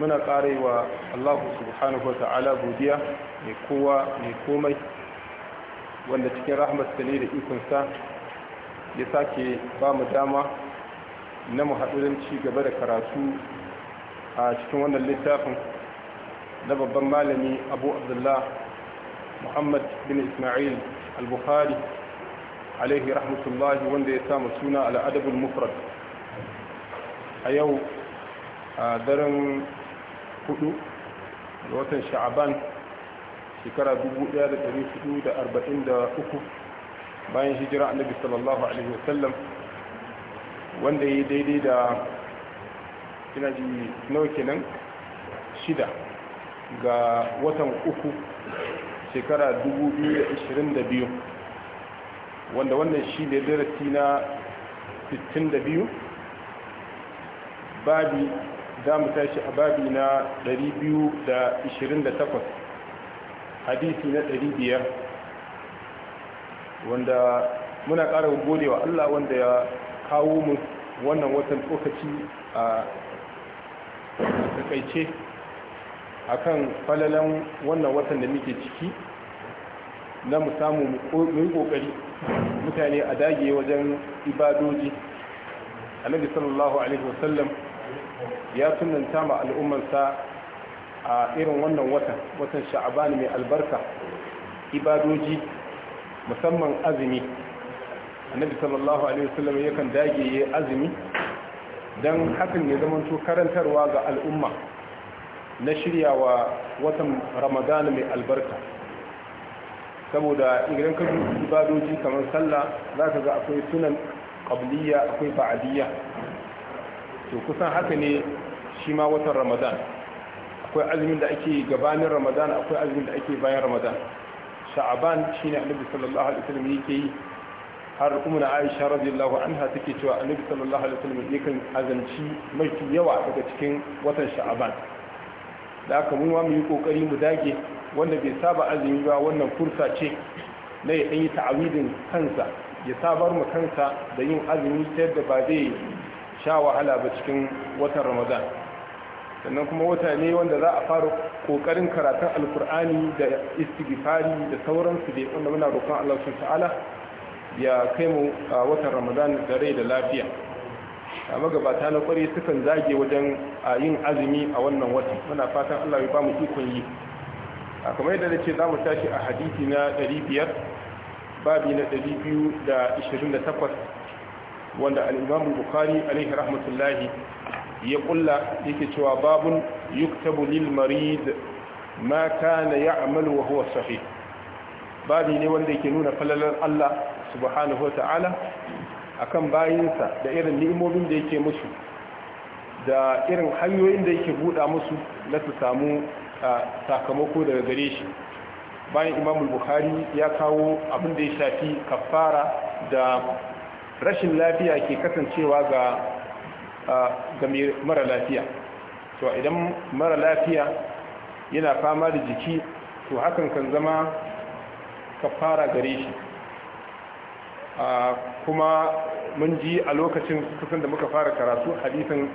muna karewa allahu subhanahu wa ta'ala godiya mai kowa mai komai wanda cikin rahmatsa ne da ikonsa ya sake ba mu dama na mu haɗurin ci gaba da karatu a cikin wannan littafin na babban malami abu abdullah muhammad bin ismail al-bukhari alaihi rahmatullahi wanda ya samu suna al'adabul mufrad a yau a daren hudu da watan sha'aban shekara 1443 bayan hijira annabi sallallahu alaihi wasallam wanda ya yi daidai da ina ji nawa kenan shida ga watan uku shekara 2022 wanda wannan shi ne darasi na 62 babi za mu tashi a babi na 228 hadisi na 500 wanda muna ƙara gode wa Allah wanda ya kawo mu wannan watan tsokaci a takaice kan falalan wannan watan da muke ciki na mu samu mu ƙoƙari mutane a dage wajen ibadoji annabi sallallahu alaihi wasallam ya tunanta ma al'ummarsa a irin wannan watan watan sha'aban mai albarka ibadoji musamman azumi annabi sallallahu alaihi wasallam yakan dage yayin azumi dan hakan ya zama to karantarwa ga al'umma na shirya wa watan ramadana mai albarka saboda idan ka ibadoji kamar sallah zaka ga akwai sunan qabliya akwai ba'diyya to kusan haka ne shi ma watan ramadan akwai azumin da ake gabanin ramadan akwai azumin da ake bayan ramadan sha'aban shine annabi sallallahu alaihi wasallam yake yi har umma aisha radiyallahu anha take cewa annabi sallallahu alaihi wasallam azanci mafi yawa daga cikin watan sha'aban da aka wa mu yi kokari mu dage wanda bai saba azumi ba wannan fursa ce na ya yi ta'awidin kansa ya sabar mu kansa da yin azumi ta yadda ba zai sha wahala ba cikin watan ramadan sannan kuma wata ne wanda za a fara kokarin karatun alkur'ani da istighfari da sauransu da wanda muna roƙon Allah subhanahu ta'ala ya kai mu a watan ramadan da rai da lafiya a magabata na kwari sukan zage wajen yin azumi a wannan watan muna fatan Allah ya ba mu ikon yi a kamar yadda ce za mu tashi a hadisi na 500 babi na 228 wanda al-Imam alaihi rahmatullahi ya kulla yake cewa babun yuktabu lil marid ma kana ya'malu wa huwa sahih babi ne wanda yake nuna falalar Allah subhanahu ta'ala akan bayinsa da irin ni'imomin da yake musu da irin hanyoyin da yake buɗa musu na su samu sakamako daga gare shi bayan imamul bukhari ya kawo abin da ya shafi kafara da rashin lafiya ke kasancewa ga mara lafiya to idan mara lafiya yana fama da jiki to hakan kan zama ka fara gare shi kuma mun ji a lokacin kusan da muka fara karatu hadisin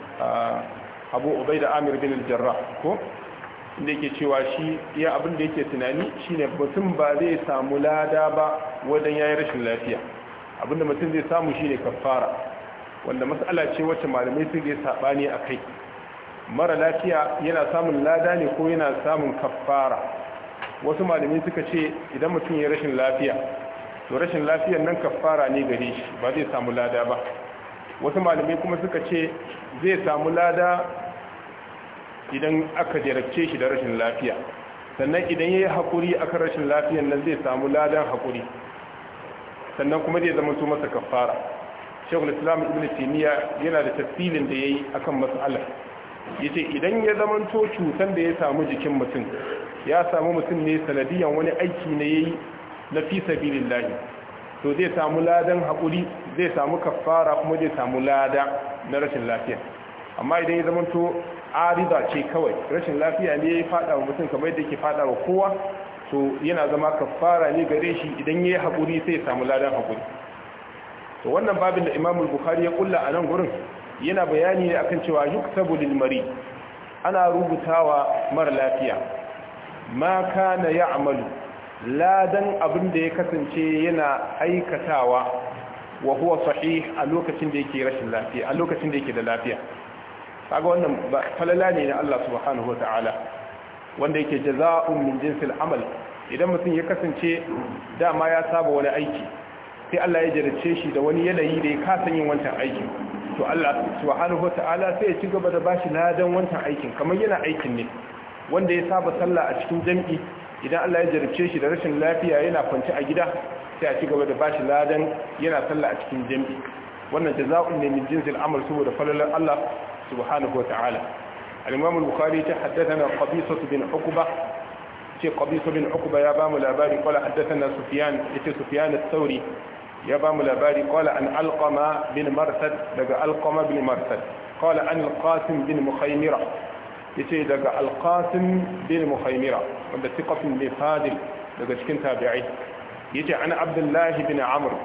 abu obai da amir bin jarra ko inda yake cewa shi iya abin yake tunani shine mutum ba zai samu lada ba ya yi rashin lafiya abinda mutum zai samu shi ne kafara wanda matsala ce wacce malamai sun yi a kai, mara lafiya yana samun lada ne ko yana samun kafara wasu malamai suka ce idan mutum ya rashin lafiya to rashin lafiyar nan kafara ne gare shi ba zai samu lada ba wasu malamai kuma suka ce zai samu lada idan aka jarabce shi da rashin lafiya sannan idan ya yi haƙuri akan rashin lafiyar nan zai samu ladan haƙuri sannan kuma zai zama masa kafara shekul islam ibn taymiya yana da tafsilin da ya yayi akan ya ce idan ya zamanto cutan da ya samu jikin mutum ya samu mutum ne sanadiyan wani aiki ne yayi na fi sabilillahi to zai samu ladan hakuri zai samu kafara kuma zai samu lada na rashin lafiya amma idan ya zamanto ariba ce kawai rashin lafiya ne ya fada wa mutum kamar yadda yake fada wa kowa to yana zama kafara ne gare shi idan yayi hakuri sai ya samu ladan hakuri to wannan babin da Imam al-Bukhari ya kulla a nan gurin yana bayani ne akan cewa yuktabu lil mari ana rubutawa mara lafiya ma kana ya'malu ladan abin da ya kasance yana aikatawa wa huwa sahih a lokacin da yake rashin lafiya a lokacin da yake da lafiya kaga wannan falala ne na Allah subhanahu wataala wanda yake jaza'un min jinsil amal idan mutum ya kasance dama ya saba wani aiki sai Allah ya jarace shi da wani yanayi da ya kasa yin wancan aiki to Allah subhanahu wata'ala sai ya ci gaba da bashi ladan wancan aikin kamar yana aikin ne wanda ya saba sallah a cikin jam'i, idan Allah ya jarabce shi da rashin lafiya yana kwanci a gida sai a ci gaba da bashi ladan yana sallah a cikin jami'i wannan jaza'un ne min jinsil amal saboda falalar Allah subhanahu wata'ala الإمام البخاري حدثنا قبيصة بن عقبة في قبيصة بن عقبة يا بام الأباري قال حدثنا سفيان في سفيان الثوري يا بام الأباري قال عن ألقمة بن مرثد لقى ألقمة بن مرثد قال عن القاسم بن مخيمرة يتي دقى القاسم بن مخيمرة عند ثقة بن خادم دقى شكين تابعي يتي عن عبد الله بن عمرو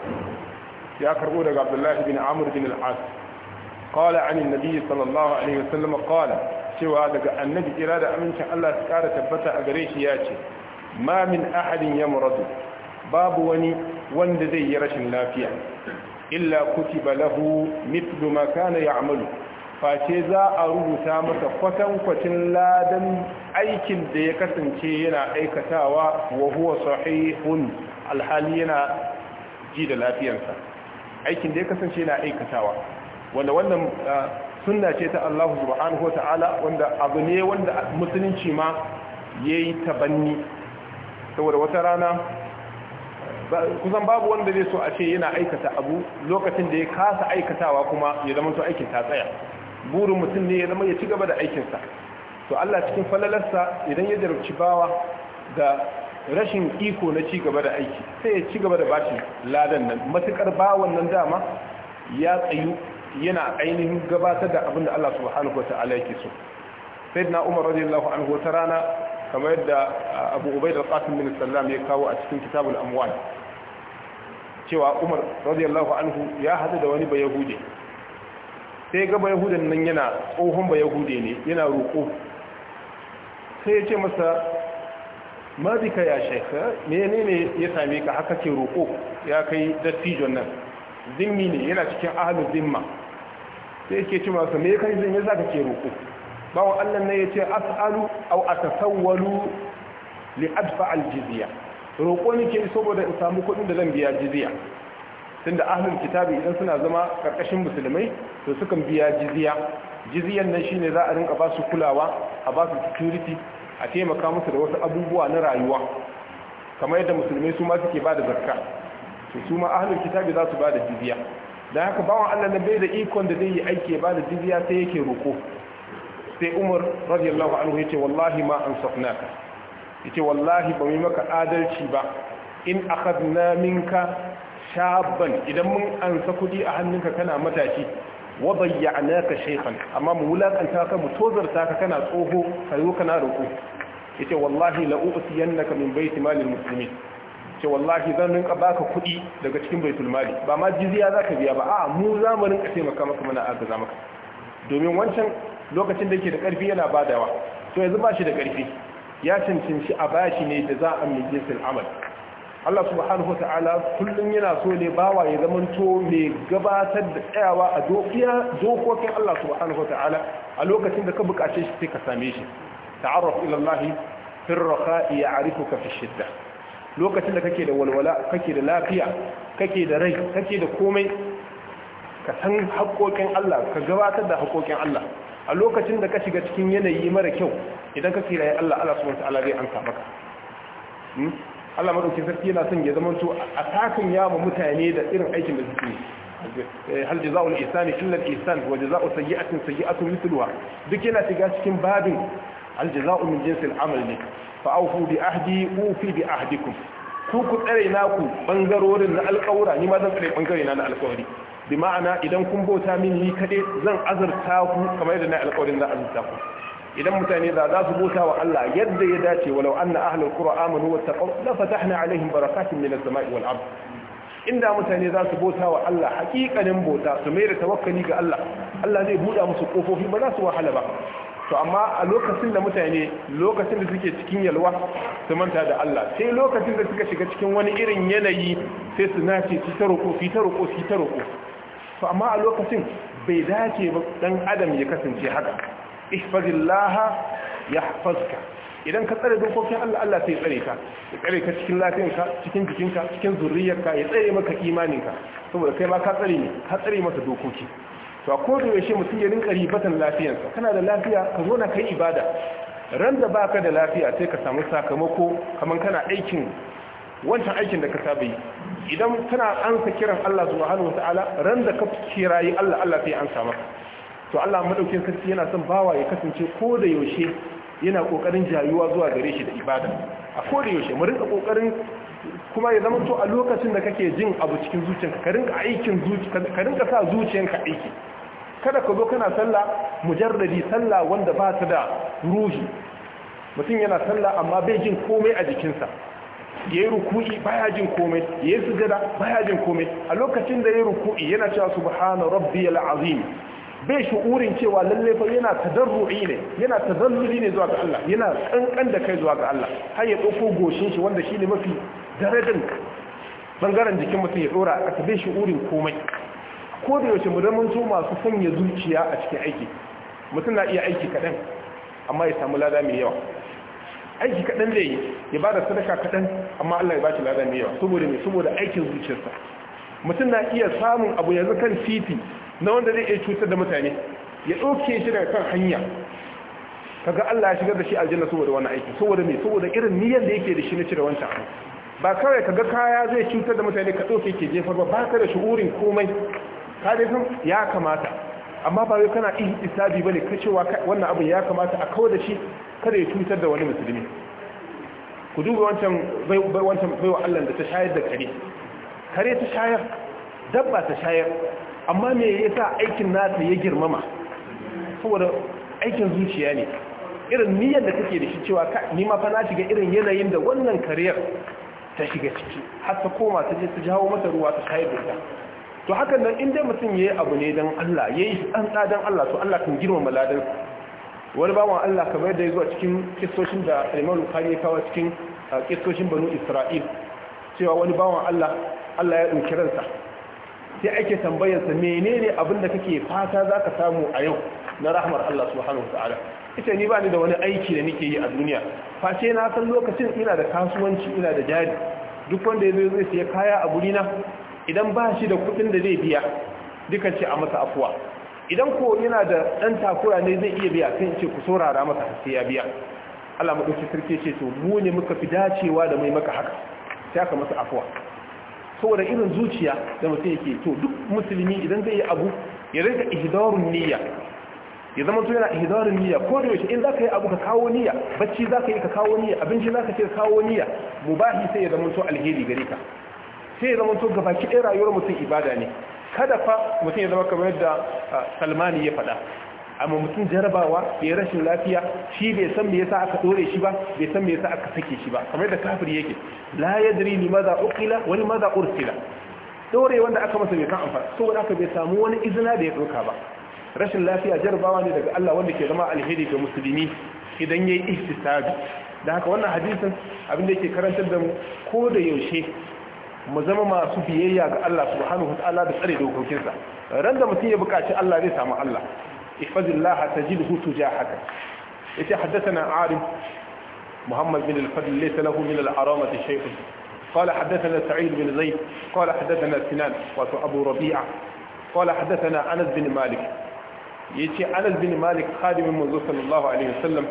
يا كربو عبد الله بن عمرو بن العاص قال عن النبي صلى الله عليه وسلم قال cewa daga annabi kira da amincin Allah su kara tabbata a gare shi ya ce mamin min ahadin ya muradu babu wani wanda zai yi rashin lafiya illa kutiba lahu mithlu ma kana ya'malu face za a rubuta masa kwatankwacin ladan aikin da ya kasance yana aikatawa wa huwa sahihun alhali yana ji da lafiyarsa aikin da ya kasance yana aikatawa wanda wannan ah, sunna ce ta Allahu subhanahu ta'ala wanda abu ne wanda musulunci ma yayi tabanni saboda wata rana kusan babu wanda zai so a ce yana aikata abu lokacin da ya kasa aikatawa kuma ya zama to aikin ta tsaya burin mutum ne ya zama ya ci gaba da aikinsa to Allah cikin falalarsa idan ya jarabci bawa da rashin iko na ci gaba da aiki sai ya ci gaba da bashi ladan nan matukar bawan nan dama ya tsayu yana ainihin gabatar da abin da Allah subhanahu wa ta'ala yake so sayyidina Umar radiyallahu anhu wata rana kamar yadda Abu Ubaid al-Qasim bin Sallam ya kawo a cikin kitabul amwal cewa Umar radiyallahu anhu ya hadu da wani bayahude sai ga bayahudan nan yana tsohon bayahude ne yana roƙo sai ya ce masa ma bika ya shaikha menene ya same ka haka ke roƙo ya kai dattijon nan zimmi ne yana cikin ahlul zimma sai yake ce masa me kai zai me za ka ke roƙo bawan Allah ne yace as'alu aw atasawwalu li adfa al jizya roƙo ke saboda in samu kuɗin da zan biya jizya tunda ahlul kitabi idan suna zama karkashin musulmai to sukan biya jizya jiziyan nan shine za a rinka ba su kulawa a ba su security a taimaka musu da wasu abubuwa na rayuwa kamar yadda musulmai su ma suke ba da zakka to su ma ahlul kitabi za su ba da jizya da haka bawan Allah na bai da ikon da zai yi aiki ba da jizya sai yake roko sai Umar radiyallahu anhu yace wallahi ma ansafnaka yace wallahi ba mu maka adalci ba in akhadna minka shaban idan mun ansa kudi a hannunka kana matashi wa bayya'naka shaykhan amma mu wulakanta ka mu tozarta ka kana tsoho kayo kana roko yace wallahi la u'tiyannaka min baiti malil muslimin ce wallahi zan rinka baka kuɗi daga cikin baitul mali ba ma jizya zaka biya ba a'a mu za mu rinka taimaka maka muna agaza maka domin wancan lokacin da yake da ƙarfi yana badawa to yanzu ba shi da ƙarfi ya cancanci a bashi ne da za a mai jinsin amal Allah subhanahu wa ta'ala kullum yana so ne bawa ya zamanto mai gabatar da tsayawa a dokokin Allah subhanahu wa ta'ala a lokacin da ka bukace shi sai ka same shi ta'arraf ila Allah fi ar-raqa ya'rifuka fi shiddah lokacin da kake da walwala kake da lafiya kake da rai kake da komai ka san haƙoƙin Allah ka gabatar da haƙoƙin Allah a lokacin da ka shiga cikin yanayi mara kyau idan ka kiraye Allah Allah subhanahu wataala zai amsa maka hmm? Allah madauki sarki yana son ya zama to a takan yawa mutane da irin aikin da suke eh, hal jazaa'ul ihsani illa al ihsan wa jazaa'u sayyi'atin sayyi'atun mithluha duk yana shiga cikin babin aljaza'u min jinsil amal ne fa aufu bi ahdi ufi bi ahdikum ku ku tsare naku bangarorin na alƙawura ni ma zan tsare bangare na na alƙawari bi ma'ana idan kun bauta min ni kade zan azurta ku kamar yadda na alƙawarin na azurta ku idan mutane da za su bauta wa Allah yadda ya dace walau anna ahlul qura amanu wattaqaw la fatahna alaihim barakatin minas samai wal ard inda mutane za su bauta wa Allah hakikanin bauta su mai da tawakkali ga Allah Allah zai buɗa musu kofofi ba za su wahala ba to amma a lokacin da mutane lokacin da suke cikin yalwa su manta da Allah sai lokacin da suka shiga cikin wani irin yanayi sai su nace su ta roƙo su ta roƙo su ta roƙo to amma a lokacin bai dace ba dan adam ya kasance haka ihfazillah yahfazka idan ka tsare dokokin Allah Allah sai tsare ka ya tsare ka cikin lafiyarka cikin jikinka cikin zuriyarka ya tsare maka imaninka saboda kai ma ka tsare ne ka tsare masa dokoki to a da yaushe mutum ya rinka ribatan lafiyarsa kana da lafiya ka zo na kai ibada ran da baka da lafiya sai ka samu sakamako kamar kana aikin wancan aikin da ka saba yi idan kana ansa kiran Allah subhanahu wataala ran da ka kira yi Allah Allah sai an samu to Allah madaukin sarki yana son bawa ya kasance ko da yaushe yana kokarin jayuwa zuwa gare shi da ibada a ko da yaushe mu rinka kokarin kuma ya zama to a lokacin da kake jin abu cikin zuciyarka ka rinka aikin zuciyarka ka rinka sa zuciyarka aiki kada ka zo kana sallah mujarradi sallah wanda ba ta da ruhi mutum yana sallah amma bai jin komai a jikinsa yayi ruku'i baya jin komai yayi sujada baya jin komai a lokacin da yayi ruku'i yana cewa subhana rabbiyal azim bai shu'urin cewa lalle fa yana tadarru'i ne yana tazalluli ne zuwa ga Allah yana kankan da kai zuwa ga Allah har ya dauko goshin shi wanda shine mafi darajar bangaren jikin mutum ya dora a bai shu'urin komai ko da yaushe mun zamanto masu sanya zuciya a cikin aiki mutum na iya aiki kaɗan amma ya samu lada mai yawa aiki kaɗan da yi ya ba da sadaka kaɗan amma Allah ya ba shi lada mai yawa saboda mai saboda aikin zuciyarsa mutum na iya samun abu yanzu kan titi na wanda zai iya cutar da mutane ya ɗauke shi daga kan hanya kaga Allah ya shigar da shi aljanna saboda wannan aiki saboda mai saboda irin niyyar da yake da shi na cire wancan ba kawai kaga kaya zai cutar da mutane ka ɗauke ke jefa ba ba ka da shu'urin komai ka ya kamata amma ba wai kana isabi bane ka cewa wannan abin ya kamata a kawo da shi kada ya cutar da wani musulmi ku duba wancan bai wancan wa Allah da ta shayar da kare kare ta shayar dabba ta shayar amma me yasa aikin nata ya girmama saboda aikin zuciya ne irin niyyar da take da shi cewa ni ma fa na shiga irin yanayin da wannan kariyar ta shiga ciki har ta koma ta je ta jawo mata ruwa ta shayar da to hakan nan inda mutum ya yi abu ne don Allah ya yi an tsadan Allah to Allah kan girma maladin wani bawan Allah kamar yadda ya zuwa cikin kistoshin da alimar bukari ya kawo cikin kistoshin banu isra'il cewa wani bawan Allah Allah ya ɗauki ransa sai ake tambayarsa menene abin da kake fata za ka samu a yau na rahmar Allah subhanahu ta'ala ita ni ba ni da wani aiki da nake yi a duniya face na san lokacin ina da kasuwanci ina da jari duk wanda ya zo zai siya kaya a gurina idan ba shi da kudin da zai biya dukan ce a masa afuwa idan ko yana da ɗan takura ne zai iya biya kan ce ku saurara masa sai ya biya Allah madauki sarki ce to mu ne muka fi dacewa da mai maka haka sai aka masa afuwa saboda irin zuciya da mutum yake to duk musulmi idan zai yi abu ya rinka ihdarun niyya ya zama to yana ihdarun niyya ko da yake in zaka yi abu ka kawo niyya bacci zaka yi ka kawo niyya abinci zaka ce ka kawo niyya mubahi sai ya zama to alheri gare ka sai ya zama to gabaki ɗaya rayuwar mutum ibada ne kada fa mutum ya zama kamar yadda salmani ya faɗa amma mutum jarabawa ya rashin lafiya shi bai san me yasa aka dore shi ba bai san me yasa aka sake shi ba kamar yadda kafiri yake la yadri li madha uqila wa li madha ursila dore wanda aka masa bai kan amfani saboda aka bai samu wani izina da ya doka ba rashin lafiya jarabawa ne daga Allah wanda ke zama alheri ga musulmi idan yayi ihtisabi da haka wannan hadisin abin da yake karantar da mu ko da yaushe mu zama masu biyayya ga Allah subhanahu wataala da tsare dokokin sa ran da mutum ya bukaci Allah zai samu Allah ifadillah tajidhu tujahaka yace haddathana arif muhammad bin al-fadl laysa lahu min al-aramati shay'u قال حدثنا سعيد بن زيد قال حدثنا سنان واتو ابو ربيعه قال حدثنا انس بن مالك يجي انس بن مالك خادم منذ صلى الله عليه وسلم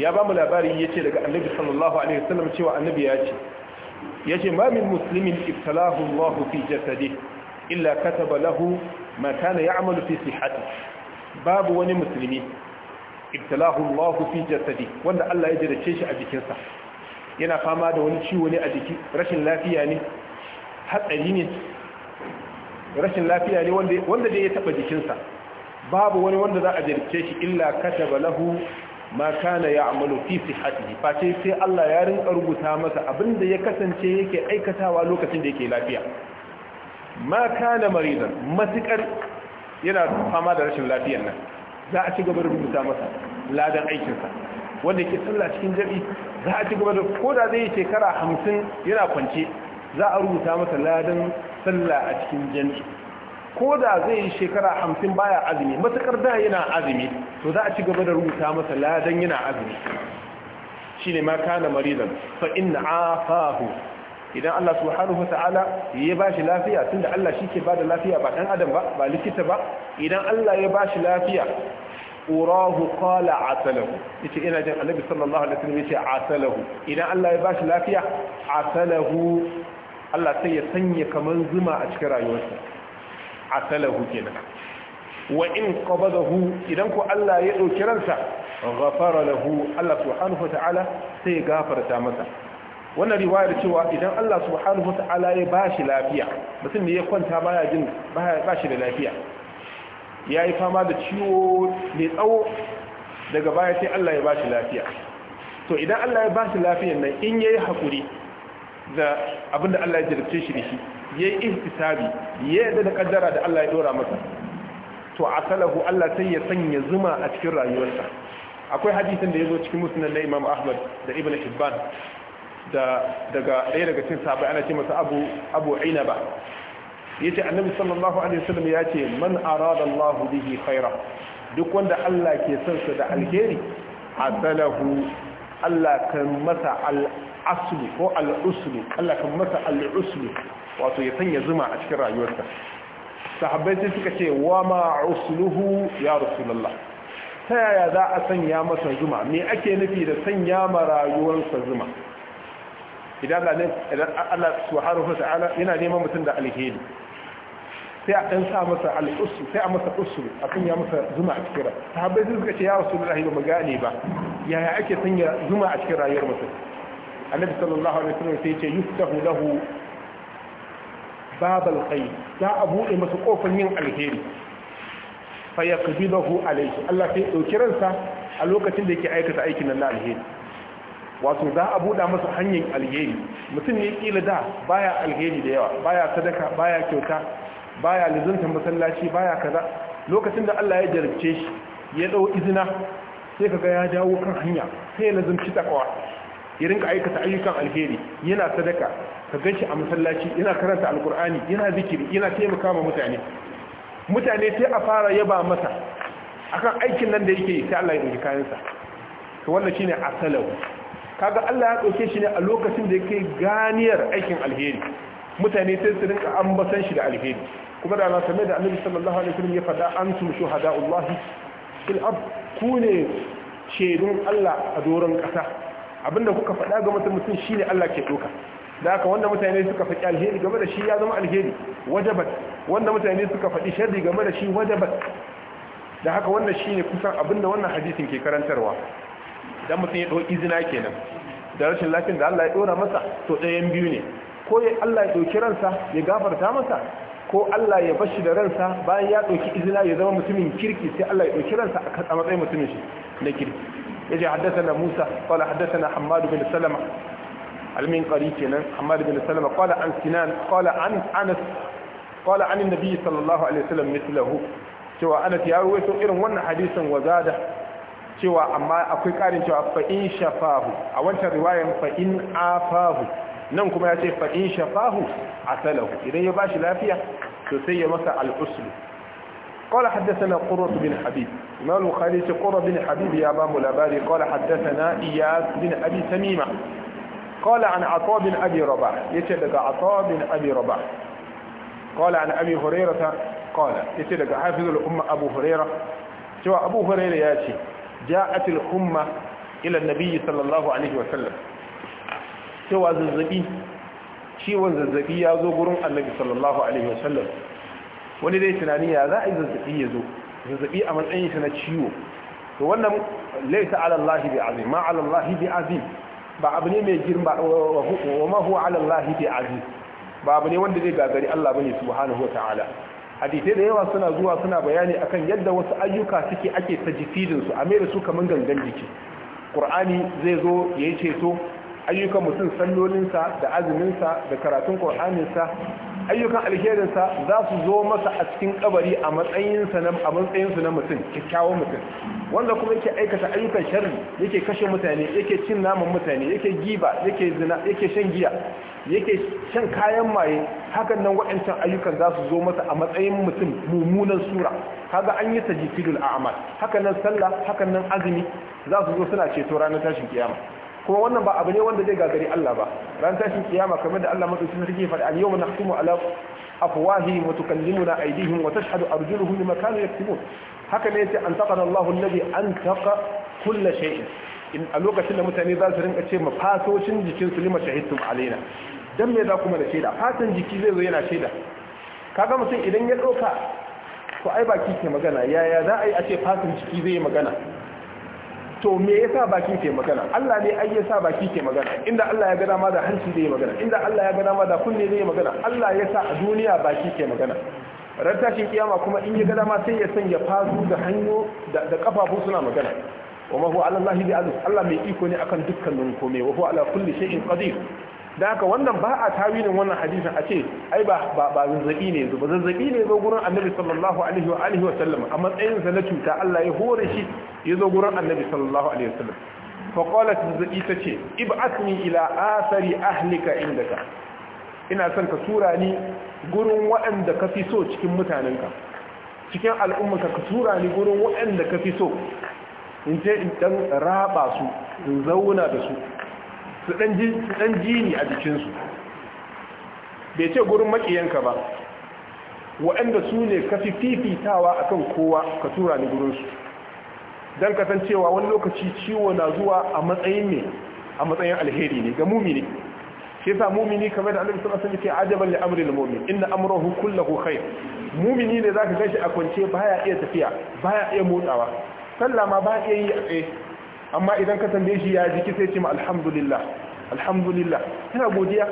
يا بام لاباري يجي لك النبي صلى الله عليه وسلم شوى النبي يجي Ya ce ma min musulmin ibtalahu Allah fi jasadihi illa kataba lahu ma kana ya'malu fi sihhatihi babu wani musulmi ibtalahu Allah fi jasadihi wanda Allah ya jarace shi a jikinsa yana fama da wani ciwo ne a jiki rashin lafiya ne hatsari ne rashin lafiya ne wanda dai ya taba jikinsa babu wani wanda za a jarce shi illa kataba lahu ma kana ya'malu fi sihhatihi face sai Allah ya rinka rubuta masa abinda ya kasance yake aikatawa lokacin da yake lafiya ma kana maridan matukar yana fama da rashin lafiyar nan za a ci gaba da rubuta masa ladan aikinsa wanda ke sallah cikin jabi za a ci gaba da koda zai shekara hamsin yana kwance za a rubuta masa ladan sallah a cikin jami'i ko da zai yi shekara hamsin baya azumi matakar da yana azumi to za a ci gaba da rubuta masa ladan yana azumi shi ne ma kana maridan fa inna afahu idan Allah subhanahu wata'ala ya ba shi lafiya tunda Allah shi ke ba da lafiya ba ɗan adam ba ba likita ba idan Allah ya ba shi lafiya urahu qala asalahu yace ina jin annabi sallallahu alaihi wasallam yace asalahu idan Allah ya ba shi lafiya asalahu Allah sai ya sanya kaman zuma a cikin rayuwarsa asalahu kenan wa in qabadahu idan ko Allah ya dauki ransa ghafara lahu Allah subhanahu wataala sai gafarta masa wannan da cewa idan Allah subhanahu wataala ya bashi lafiya mutum ne ya kwanta baya jin bashi da lafiya yayi fama da ciwo ne tsawo daga baya sai Allah ya bashi lafiya to idan Allah ya bashi lafiyan nan in yayi hakuri da abinda Allah ya jarabce shi da shi ya yi ihtisabi ya yarda da kaddara da Allah ya dora masa to a salahu Allah sai ya sanya zuma a cikin rayuwarsa akwai hadisin da ya zo cikin musulman na Imam Ahmad da Ibn Hibban da daga ɗaya daga cin sabai ana ce masa Abu Abu ya ce Annabi sallallahu alaihi wasallam ya ce man arada Allah bihi khaira duk wanda Allah ke son da alheri a asalahu Allah kan masa al ko al-usli Allah kan masa al wato ya sanya zuma a cikin rayuwarsa sahabbai sai suka ce wa ma usluhu ya rasulullah ta yaya za a sanya masa zuma me ake nufi da sanya ma rayuwarsa zuma idan Allah subhanahu wa ta'ala yana neman mutum da alheri sai a ɗan sa masa al'usu sai a masa usu a sanya masa zuma a cikin sahabbai sai suka ce ya rasu ba mu gane ba yaya ake sanya zuma a cikin rayuwar mutum annabi sallallahu alaihi wasallam sai ce yuftahu lahu babal kai, za a buɗe masu kofar yin alheri fa hu, alayhi Allah sai dauki ransa a lokacin da yake aikata aikin nan na alheri wato za a buɗa masa hanyar alheri mutum ne kila da baya alheri da yawa baya sadaka baya kyauta baya lizunta masallaci baya kaza lokacin da Allah ya jarabce shi ya dau izina sai kaga ya dawo kan hanya sai lazumci takwa ya rinka aikata ayyukan alheri yana sadaka ka gan shi a masallaci yana karanta alkur'ani yana zikiri yana taimaka ma mutane mutane sai a fara yaba masa akan aikin nan da yake yi sai Allah ya ɗauki kayansa to wannan shine asalau kaga Allah ya ɗauke shi ne a lokacin da yake ganiyar aikin alheri mutane sai su rinka ambatan shi da alheri kuma da Allah same da annabi sallallahu alaihi wasallam ya fada antum shuhada'ullahi fil ard ku ne shaidun Allah a doron kasa abinda kuka faɗa ga mutum mutum shine Allah ke doka da haka wanda mutane suka faɗi alheri game da shi ya zama alheri wajabat wanda mutane suka faɗi sharri game da shi wajabat da haka wannan shine kusan abinda wannan hadisin ke karantarwa dan mutum ya dau izina kenan da rashin lafiyar da Allah ya dora masa to ɗayan biyu ne ko ya Allah ya dauki ransa ya gafarta masa ko Allah ya bashi da ransa bayan ya dauki izina ya zama mutumin kirki sai Allah ya dauki ransa a matsayin mutumin shi na kirki yace haddathana Musa qala haddathana Hammad bin Salama al-Minqari kenan Hammad bin Salama qala an Sinan qala an Anas qala an an-nabi sallallahu alaihi wasallam mithluhu cewa Anas ya rawaito irin wannan hadisin wazada cewa amma akwai karin cewa fa in shafahu a wancan riwayan fa in afahu nan kuma ya ce fa in shafahu asalahu idan ya bashi lafiya to sai ya masa al-uslu qala haddathana Qurrat bin Habib مال خليل قرة بن حبيب يا أمام الأباري قال حدثنا إياس بن أبي سميمة قال عن عطاء بن أبي رباح يتلقى عطاء بن أبي رباح قال عن أبي هريرة قال يتلقى حافظ الأمة أبو هريرة سوى أبو هريرة ياتي جاءت الأمة إلى النبي صلى الله عليه وسلم سوى زلزبي ciwon zazzabi ya zo gurin النبي صلى الله عليه وسلم dai tunani ya za a yi zazzabi ya zazzabi a matsayin shi na ciwo to wannan laisa ala allahi bi azim ma ala allahi bi azim ba abu ne mai girma wa ma huwa ala Allah bi azim ba abu ne wanda zai gagari Allah bane subhanahu wataala hadisai da yawa suna zuwa suna bayani akan yadda wasu ayyuka suke ake tajfidin su a mai da su kaman gangan jiki qur'ani zai zo yayi ceto ayyukan mutum sallolinsa da azuminsa da karatun sa ayyukan alherinsa za su zo masa a cikin kabari a matsayinsa na mutum kyakkyawan mutum wanda kuma yake aikata ayyukan sharri yake kashe mutane yake cin naman mutane yake giba yake zina yake shan giya yake shan kayan maye hakan nan waɗancan ayyukan za su zo masa a matsayin mutum mummunan sura kaga an yi tajifidul a'mal hakan nan sallah hakan nan azumi za su zo suna ceto ranar tashin kiyama kuma wannan ba abu ne wanda zai gagari Allah ba ran tashin kiyama kamar da Allah madaukakin sarki fa al-yawma nahkumu ala afwahi wa tukallimuna aydihim wa tashhadu arjuluhum bima kanu yaktubun haka ne yace an taqana Allahu alladhi antaqa kull shay in a lokacin da mutane za su rinka ce ma fasocin jikin su lima shahidtum alaina dan me za kuma da shaida fatan jiki zai zo yana shaida kaga mutum idan ya dauka to ai baki ke magana yaya za a a ce fatan jiki zai yi magana to me yasa baki ke magana Allah ne ai yasa baki ke magana inda Allah ya ga dama da hanci zai magana inda Allah ya ga dama da kunne zai magana Allah ya sa a duniya baki ke magana ran kiyama kuma in ya ga dama sai ya sanya fasu da hanyo da kafafu suna magana wa ma huwa ala Allah bi aziz Allah mai iko ne akan dukkanin komai wa huwa ala kulli shay'in qadir da haka wannan ba a tawilin wannan hadisin a ce ai ba ba zazzabi ne yanzu ba zazzabi ne zo gurin annabi sallallahu alaihi wa alihi wa sallam a tsayin sa na cuta Allah ya hore shi ya zo gurin annabi sallallahu alaihi wa sallam fa qalat zazzabi tace ib'atni ila athari ahlika indaka ina son ka tura ni gurin waɗanda ka fi so cikin mutanenka cikin al'ummarka ka tura ni gurin waɗanda ka fi so in je in dan raba su in zauna da su su ɗan jini a jikinsu bai ce gurin maƙiyanka ba waɗanda su ne ka fi fifitawa a kan kowa ka tura ni gurinsu don cewa wani lokaci ciwo na zuwa a matsayin ne a matsayin alheri ne ga mumini shi yasa mumini kamar da annabi sallallahu alaihi wasallam ajaban li amri al-mu'min inna amrahu kulluhu khair mumini ne zaka gashi a kwance baya iya tafiya baya iya motsawa Sallama ma ba iya yi a tsaye amma idan ka tambaye shi ya jiki sai ce ma alhamdulillah alhamdulillah yana godiya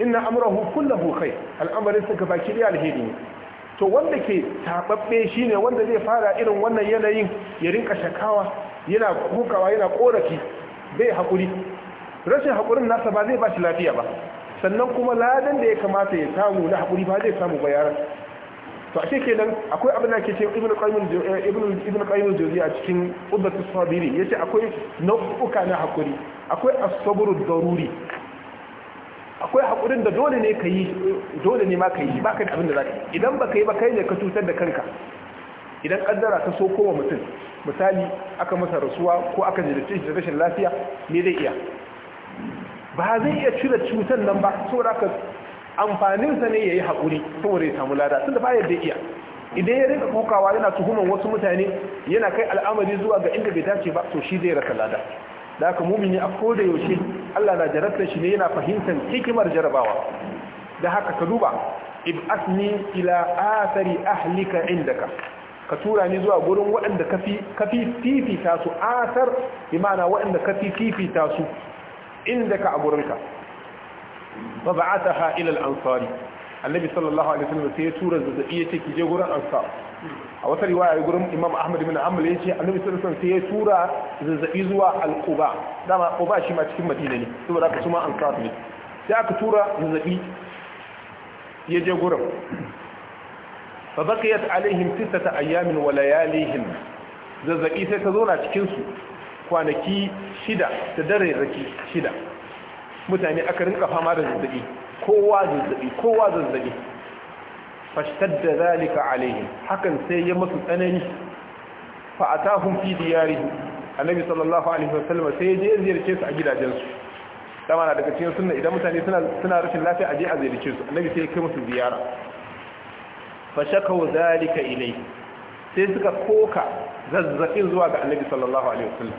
inna amrahu kulluhu khair al'amarin sa gaba da alheri to wanda ke tababbe shine wanda zai fara irin wannan yanayin ya rinka shakawa yana kukawa yana korafi bai hakuri rashin hakurin nasa ba zai ba shi lafiya ba sannan kuma ladan da ya kamata ya samu na hakuri ba zai samu ba yaran to a ke kenan akwai abin da ke ce Ibn qayyim ibnu eh, ibnu qayyim jawzi a cikin ubbatu sabiri yace akwai nau'uka na hakuri akwai as-sabru daruri akwai hakurin da dole ne ka yi dole ne ma ka ba kai da abin da zaka idan ba yi ba kai ne ka cutar da kanka idan kaddara ta so kowa mutum misali aka masa rasuwa ko aka ji da da rashin lafiya me zai iya ba zai iya cire cutar nan ba saboda ka amfaninsa ne ya yi haƙuri saboda ya samu lada tun da ba da iya idan ya rinka kokawa yana tuhuman wasu mutane yana kai al'amari zuwa ga inda bai dace ba to shi zai rasa lada da haka mumini a koda yaushe Allah na jarabta shi ne yana fahimtar hikimar jarabawa da haka ka duba asni ila athari ahlika indaka ka tura ni zuwa gurin waɗanda ka fi fifita su asar imana waɗanda ka fi fifita su inda ka a gurinka fa ba'athaha ila al-ansari annabi sallallahu alaihi wasallam sai ya tura zazzabi ya ce ki je gurin ansar a wata riwaya gurin imam ahmad bin hanbal ya ce annabi sallallahu alaihi wasallam sai ya tura zazzabi zuwa al-quba dama quba shi ma cikin madina ne saboda haka suma ansar ne sai aka tura zazzabi ya je gurin fa baqiyat alaihim tisata ayamin wa layalihim zazzabi sai ta zo na cikin su kwanaki shida da dare raki shida mutane aka rinka fama da zazzabi kowa zazzabi kowa zazzabi fashtadda zalika alaihim hakan sai ya musu tsanani fa atahum fi diyarihim annabi sallallahu alaihi wasallam sai ya je ziyarce su a gidajensu dama na daga cikin sunna idan mutane suna suna rashin lafiya a je a ziyarce su annabi sai ya kai musu ziyara fa shakau zalika ilai sai suka koka zazzabin zuwa ga annabi sallallahu alaihi wasallam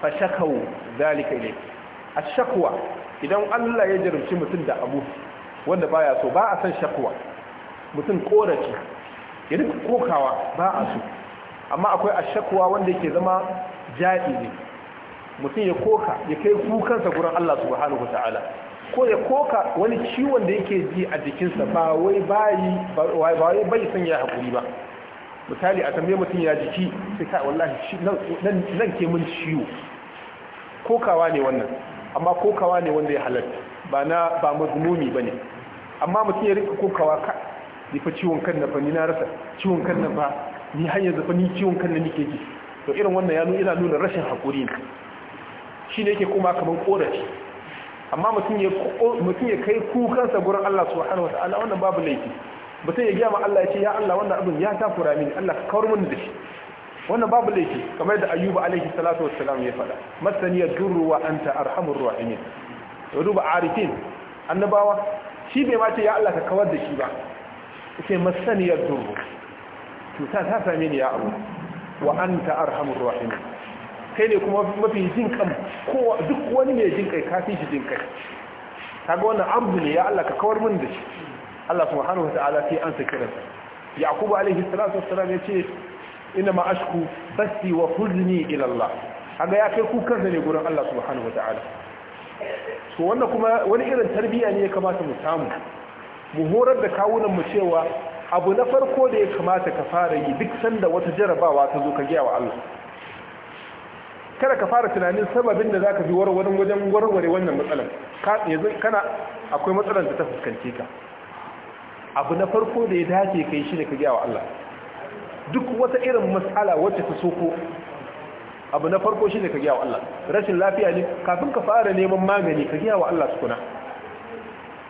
fa shakau zalika ilai a shakwa idan allah ya jarumci mutum da abu wanda baya so ba a san shakwa mutum ya irin kokawa ba a so amma akwai a shakwa wanda yake zama jaɗi ne mutum ya koka ya kai kukansa gurin allah su subhanahu wa ta'ala ko ya koka wani ciwon da yake ji a jikinsa ba wai bayi bai son ya haƙuri ba misali a tambaye mutum ya jiki sai ka wallahi nan ke mun ciwo kokawa ne wannan amma kokawa ne wanda ya halatta ba na ba mazmumi ne amma mutum ya rika kokawa ka ni fa ciwon kan na fa ni na rasa ciwon kan na fa ni har yanzu fa ni ciwon kan na nike ji to irin wannan ya nuna nuna rashin hakuri ne shi ne yake kuma kaman korafi amma mutum ya mutum ya kai kukansa gurin Allah subhanahu wataala wannan babu laifi mutum ya gaya ma Allah ya ce ya Allah wannan abin ya takura mini Allah ka kawar mini da shi wannan babu laifi kamar da ayyuba alaihi salatu wassalam ya faɗa ya durru wa anta arhamur rahimin to duba arifin annabawa shi bai mace ya Allah ka kawar da shi ba sai ya durru cuta ta same ni ya abu wa anta arhamur rahimin kai ne kuma mafi jin kan kowa duk wani mai jin kai kafin shi jin kai kaga wannan abu ne ya Allah ka kawar min da shi Allah subhanahu wa ta'ala sai an sa kiransa yaqubu alaihi salatu wassalam ya ce ina ma ashku basti wa huzni ila Allah aga ya kai kukan da ne gurin Allah subhanahu wataala so wannan kuma wani irin tarbiya ne ya kamata mu samu mu horar da kawunan mu cewa abu na farko da ya kamata ka fara yi duk sanda wata jarabawa ta zo ka gaya wa Allah kada ka fara tunanin sababin da zaka bi warwarin wajen warware wannan matsalar ka yanzu kana akwai matsalar da ta fuskance ka abu na farko da ya dace kai shi ne ka gaya wa Allah duk wata irin matsala wacce ta soko abu na farko shi ne ka giya wa Allah rashin lafiya ne kafin ka fara neman magani ka giya wa Allah kuna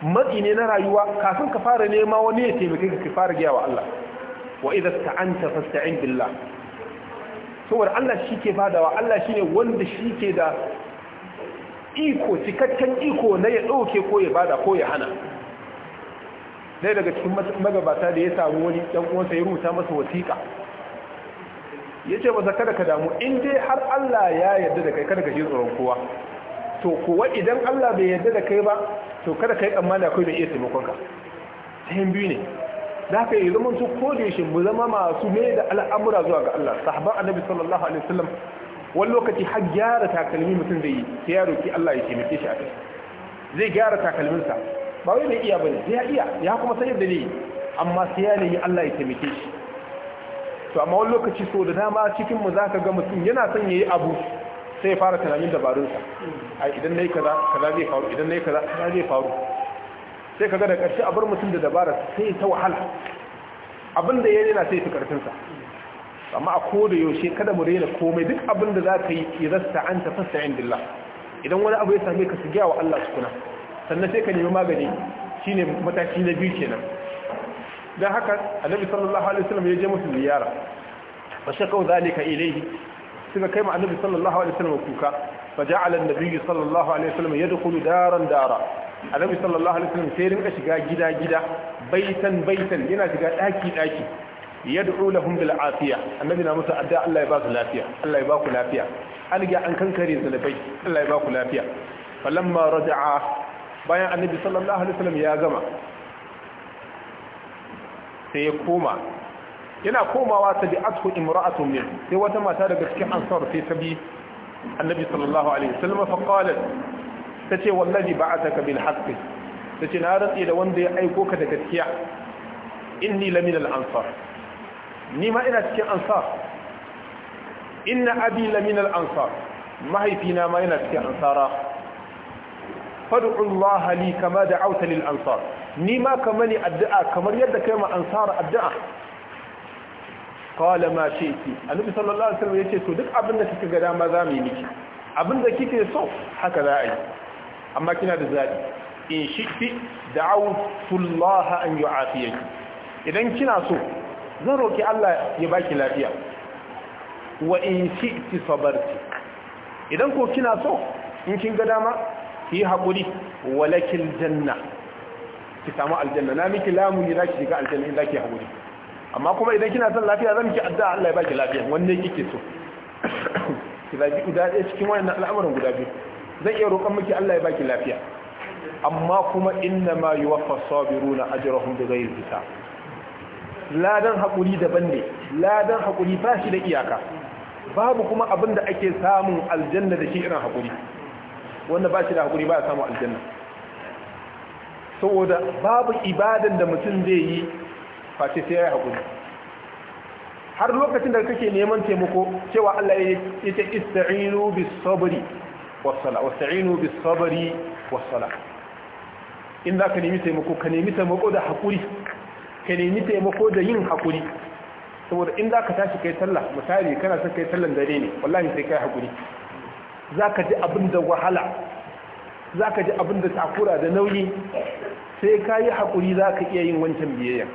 matsi ne na rayuwa kafin ka fara nema wani ya taimake ka fara giya wa Allah wa idza ta'anta fasta'in billah saboda Allah shi shike badawa Allah shi ne wanda shi ke da iko cikakken iko na ya ɗauke ko ya bada ko ya hana sai daga cikin magabata da ya samu wani ɗan uwansa ya rubuta masa wasiƙa ya ce masa kada ka damu in dai har Allah ya yarda da kai kada ka ji tsoron kowa to kuwa idan Allah bai yarda da kai ba to kada ka yi tsammani akwai da iya taimakon ka sai biyu ne za ka yi zaman su ko da yaushe mu zama masu mai da al'amura zuwa ga Allah sahaban annabi sallallahu alaihi wasallam wani lokaci har gyara takalmi mutum zai yi sai ya roki Allah ya taimake shi a kai zai gyara takalminsa ba wai bai iya bane sai ya iya ya kuma sayar da ne amma sai ya nemi Allah ya taimake shi to amma wani lokaci so da dama cikin mu zaka ga mutum yana son yayi abu sai ya fara tunanin dabarun sa ai idan nayi kaza kaza zai faru idan nayi kaza kaza zai faru sai kaga da karshe a bar mutum da dabara sai ta wahala abin da yayi yana sai ya karfin sa amma a koda yaushe kada mu daina komai duk abin da zaka yi idasta anta fasta'in indillah idan wani abu ya same ka su gaya wa Allah sukuna sannan sai ka nemi magani shine mataki na biyu kenan dan haka annabi sallallahu alaihi wasallam ya je musu ziyara fa shakau zalika ilayhi suka kai ma annabi sallallahu alaihi wasallam kuka fa ja'ala an-nabi sallallahu alaihi wasallam yadkhulu daran dara annabi sallallahu alaihi wasallam sai rinka shiga gida gida baitan baitan yana shiga daki daki yad'u lahum bil afiya annabi na musu addu'a Allah ya ba su lafiya Allah ya ba ku lafiya an ga an kankare zalabai Allah ya ba ku lafiya falamma raja'a bayan annabi sallallahu alaihi wasallam ya gama sai ya koma yana komawa ta bi atku imra'atun min sai wata mata daga cikin ansar sai ta bi annabi sallallahu alaihi wasallam fa qalat tace wallahi ba'ataka bil haqq tace na rantsi da wanda ya aiko ka da gaskiya inni lamin al ansar ni ma ina cikin ansar inna abi lamin al ansar mahaifina ma yana cikin ansara fad'u Allah li kama da'awta lil ansar ni ma kamar ni addu'a kamar yadda kai ma ansar addu'a qala ma shi'ti annabi sallallahu alaihi wasallam yace to duk abin da kike ga dama za mu yi miki abin da kike so haka za a yi amma kina da zabi in shi'ti da'awtu Allah an yu'afiyaki idan kina so zan roki Allah ya baki lafiya wa in shi'ti sabarti idan ko kina so in kin ga dama ki yi haƙuri walakin janna ki samu aljanna na miki lamuni za ki shiga aljanna in za ki haƙuri amma kuma idan kina son lafiya zan miki addu'a Allah ya baki lafiya wanne kike so ki zabi guda ɗaya cikin wannan al'amarin guda biyu zan iya roƙon miki Allah ya baki lafiya amma kuma inna ma yuwaffa sabiruna ajrahum bighayri hisab ladan haƙuri daban ne ladan haƙuri ba shi da iyaka babu kuma abin da ake samun aljanna da shi irin haƙuri wanda ba shi da hakuri ba ya samu aljanna saboda babu ibadan da mutum zai yi face sai ya yi hakuri har lokacin da kake neman taimako cewa Allah ya ce ista'inu bis sabri was sala wasta'inu bis sabri was sala in za ka nemi taimako ka nemi taimako da hakuri ka nemi taimako da yin hakuri saboda in za ka tashi kai sallah misali kana son kai sallan dare ne wallahi sai kai hakuri za ka ji abin da wahala za ka ji abin da takura da nauyi sai ka yi haƙuri za ka iya yin wancan biyayya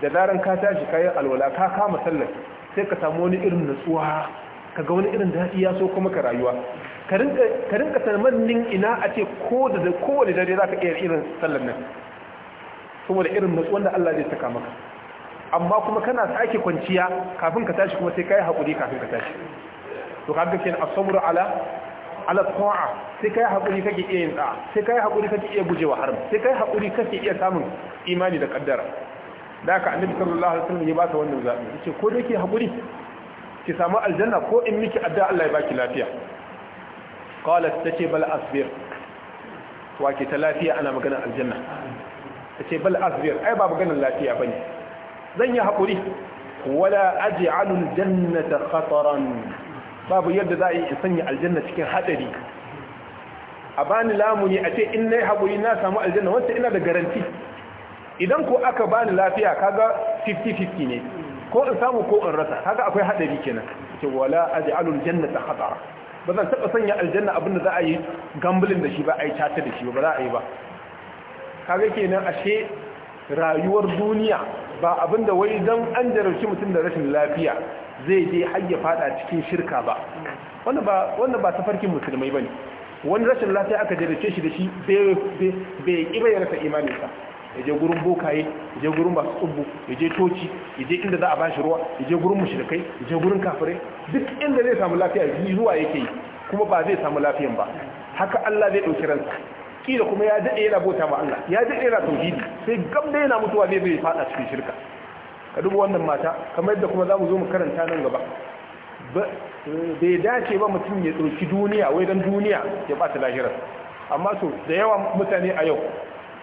da zaran ka tashi ka yi alwala ka kama sallar sai ka samu wani irin natsuwa ka ga wani irin daɗi ya so kuma ka rayuwa ka rinka tarmannin ina a ce kowane dare za ka iya irin sallar nan saboda irin natsuwan da Allah zai saka maka amma kuma kana sake kwanciya kafin ka tashi kuma sai ka yi haƙuri kafin ka tashi to kaga kenan asabru ala ala ta'a sai kai hakuri kake iya yin tsa'a sai kai hakuri kake iya gujewa haram sai kai hakuri kake iya samun imani da kaddara da haka annabi sallallahu alaihi wasallam ya ba ta wannan zabi yace ko da ke hakuri ki samu aljanna ko in miki adda Allah ya baki lafiya qalat tace bal asbir wa ki ta lafiya ana magana aljanna tace bal asbir ai ba maganar lafiya bane zan yi hakuri wala aj'alul jannata khataran babu yadda za a yi sanya aljanna cikin hadari a bani lamuni a ce in nayi haƙuri na samu aljanna wata ina da garanti idan ko aka bani lafiya kaga 50-50 ne ko in samu ko in rasa kaga akwai hadari kenan ce wala janna ta khatara ba zan taba sanya aljanna abin da za a yi gambling da shi ba a yi chata da shi ba za a yi ba kaga kenan ashe rayuwar duniya ba abin da wai dan an jarabci mutum da rashin lafiya zai je hayya ya fada cikin shirka ba wanda ba wanda ba tafarkin musulmai bane wani rashin lafiya aka jarrace shi da shi bai kiba ya rasa imaninsa ya je gurin bokaye ya je gurin masu tsubbu ya je toci ya je inda za a bashi ruwa ya je gurin mushrikai ya je gurin kafirai duk inda zai samu lafiya zuwa yake yi kuma ba zai samu lafiyan ba haka Allah zai dauki ransa kila kuma ya dade yana bauta ma Allah ya dade yana tauhidi sai gab yana mutuwa zai bai fada cikin shirka ka duba wannan mata kamar yadda kuma za mu zo mu karanta nan gaba bai dace ba mutum ya tsoki duniya wai don duniya ya bata lahirar amma so da yawa mutane a yau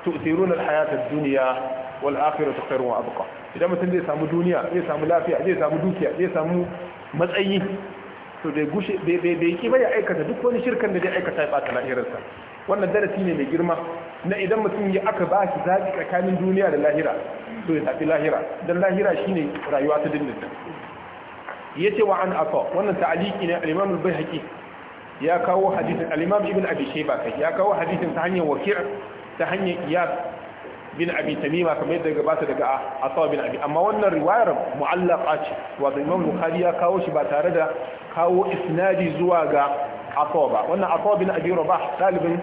to tsirun hayatar duniya wal akhirah ta khairu wa idan mutum zai samu duniya zai samu lafiya zai samu dukiya zai samu matsayi to bai gushe bai ki bai aikata duk wani shirkan da zai aikata ya ɓata lahirarsa wannan darasi ne mai girma na idan mutum ya aka ba shi zaɓi tsakanin duniya da lahira so ya tafi lahira dan lahira shine rayuwa ta dindin yace wa an afa wannan ta'aliki ne al-imam al bayhaqi ya kawo hadisin al-imam ibn abi shayba kai ya kawo hadisin ta hanyar waki' ta hanyar iyad bin abi tamima kamar yadda gabata daga asawa bin abi amma wannan riwayar mu'allaqa ce wato imam bukhari ya kawo shi ba tare da kawo isnadi zuwa ga asawa ba wannan asawa bin abi rabah talibin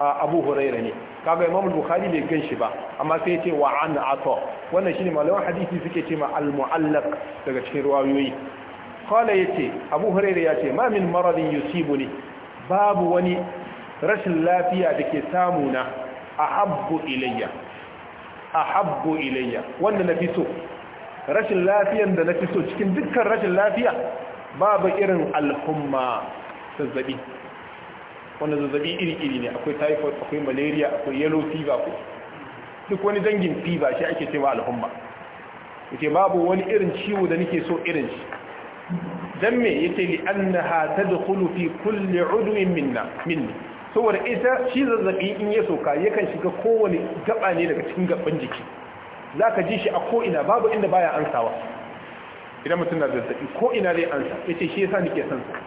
abu hurairah ne kaga imam bukhari bai gan shi ba amma sai ce wa an ato wannan shine malaman hadisi suke ce ma al muallaq daga cikin ruwayoyi qala yace abu ya yace ma min maradin yusibuni babu wani rashin lafiya dake samu na ahabbu ilayya ahabbu ilayya wanda na so rashin lafiyan da na so cikin dukkan rashin lafiya babu irin al-humma zazzabi wanda zazzabi iri-iri ne akwai typhoid akwai malaria akwai yellow fever ko duk wani dangin fever shi ake cewa al'umma yake babu wani irin ciwo da nake so irin shi dan me yace li annaha tadkhulu fi kulli udwin minna minni saboda ita shi zazzabi in ya soka yakan shiga kowane gaba ne daga cikin gaban jiki zaka ji shi a ko ina babu inda baya ansawa idan mutum na zazzabi ko ina zai ansa yace shi yasa nake san sa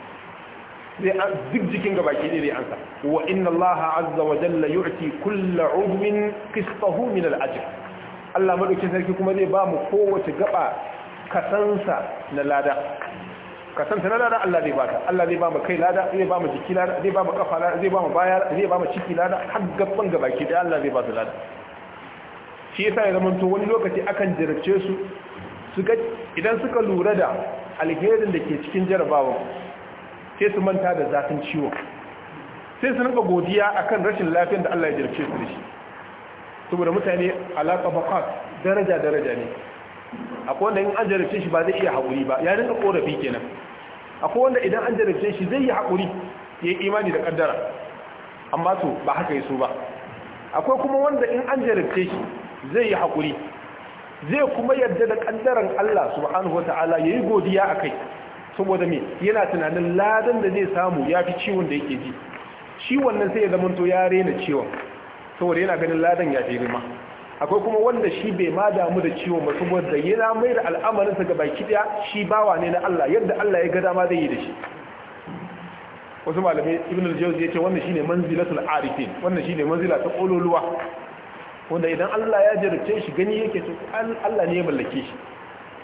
sai duk jikin gaba ke ne ansa wa inna allaha azza wa jalla yu'ti kulli 'udwin qistahu min al-ajr Allah madaukin sarki kuma zai ba mu kowace gaba kasansa na lada kasansa na lada Allah zai baka Allah zai ba mu kai lada zai ba mu jiki lada zai ba mu kafa lada zai ba mu baya zai ba mu ciki lada har gaban gaba ke da Allah zai ba su lada shi yasa ya zama to wani lokaci akan jarabce su su idan suka lura da alherin da ke cikin jarabawa sai su manta da zafin ciwon sai su nuka godiya a kan rashin lafiyar da Allah ya jarce su da shi saboda mutane alaƙa bakat daraja daraja ne akwai wanda in an jarabce shi ba zai iya haƙuri ba ya rinka ƙorafi kenan akwai wanda idan an jarabce shi zai yi haƙuri ya yi imani da ƙaddara amma su ba haka yi su ba akwai kuma wanda in an jarabce shi zai yi haƙuri zai kuma yarda da ƙaddaran Allah subhanahu wa ta'ala ya yi godiya a kai saboda me yana tunanin ladan da zai samu ya fi ciwon da yake ji ciwon nan sai ya zama to ya rena ciwon saboda yana ganin ladan ya fi rima akwai kuma wanda shi bai ma damu da ciwon ba saboda yana mai da al'amarinsa ga baki daya shi bawa ne na Allah yadda Allah ya ga dama zai yi da shi wasu malamai ibn al-jawzi yace wannan shine manzilatul arifin wannan shine manzila ta kololuwa wanda idan Allah ya jarrace shi gani yake to Allah ne ya mallake shi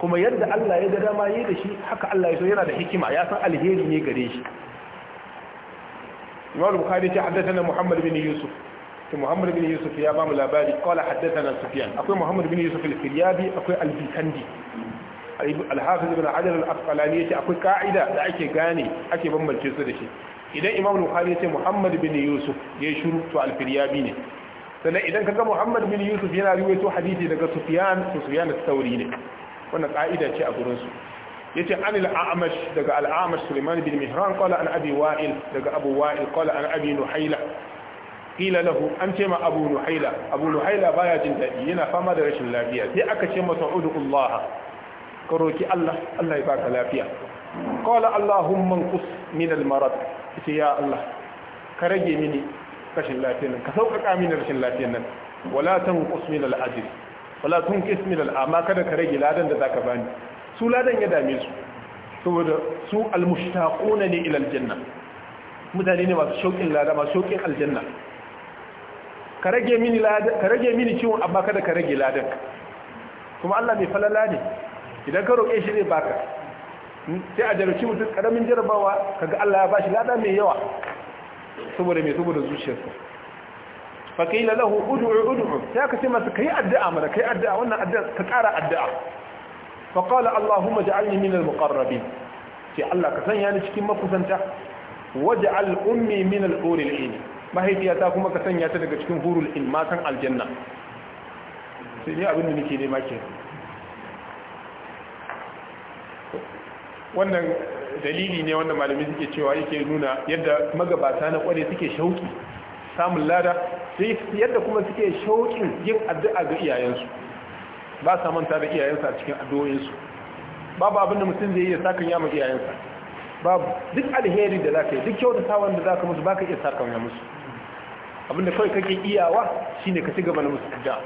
kuma yadda Allah ya ga ma yi da shi haka Allah ya so yana da hikima ya san alheri ne gare shi Imam Bukhari ce haddathana Muhammad bin Yusuf to Muhammad bin Yusuf ya ba mu labari qala haddathana Sufyan akwai Muhammad bin Yusuf al-Firyabi akwai al-Bikandi al-Hafiz ibn Hajar al-Asqalani ce akwai ka'ida da ake gane ake bambance su da shi idan Imam Bukhari ce Muhammad bin Yusuf ya shuru to al-Firyabi ne sannan idan kaga Muhammad bin Yusuf yana riwayo hadisi daga Sufyan to Sufyan al-Thawri ne wannan ka'ida ce a gurin su yace an al-a'mash daga al-a'mash Sulaiman bin Mihran qala an abi wa'il daga abu wa'il qala an abi nuhaila qila lahu an ce ma abu nuhaila abu nuhaila baya jin dadi yana fama da rashin lafiya sai aka ce masa udullah ka roki Allah Allah ya baka lafiya qala allahumma anqus min al-marad ya Allah ka rage mini rashin lafiyar ka sauƙaƙa mini rashin lafiyar nan wala tanqus min al-ajr wala tun da amma kada ka rage ladan da zaka bani su ladan ya dame su saboda su almushtaquna ne ila aljanna mutane ne masu shauƙin lada masu shauƙin aljanna ka rage mini ladan ka rage mini ciwon amma kada ka rage ladan kuma Allah mai falala ne idan ka roƙe shi zai baka hmm, sai a jarabci mutum karamin jarabawa kaga Allah ya bashi lada mai yawa saboda mai saboda zuciyarsa fa qila lahu ud'u ud'u sai aka ce masa kai addu'a mana kai addu'a wannan addu'a ka ƙara addu'a fa qala allahumma ja'alni min al-muqarrabin sai Allah ka sanya ni cikin makusanta waj'al ummi min al-huril ain mahaifiyata kuma ka sanya ta daga cikin hurul ain matan aljanna sai ni abin da nake nema ke wannan dalili ne wanda malamai suke cewa yake nuna yadda magabata na kware suke shauki samun lada sai yadda kuma suke shauƙin yin addu'a ga iyayensu ba sa manta da iyayensa a cikin addu'o'insu babu abin da mutum zai da sakan yamma ma iyayensa babu duk alheri da zaka yi duk kyautata wanda zaka musu baka iya sakan ya musu abinda kawai kake iyawa shine ka ci gaba da musu addu'a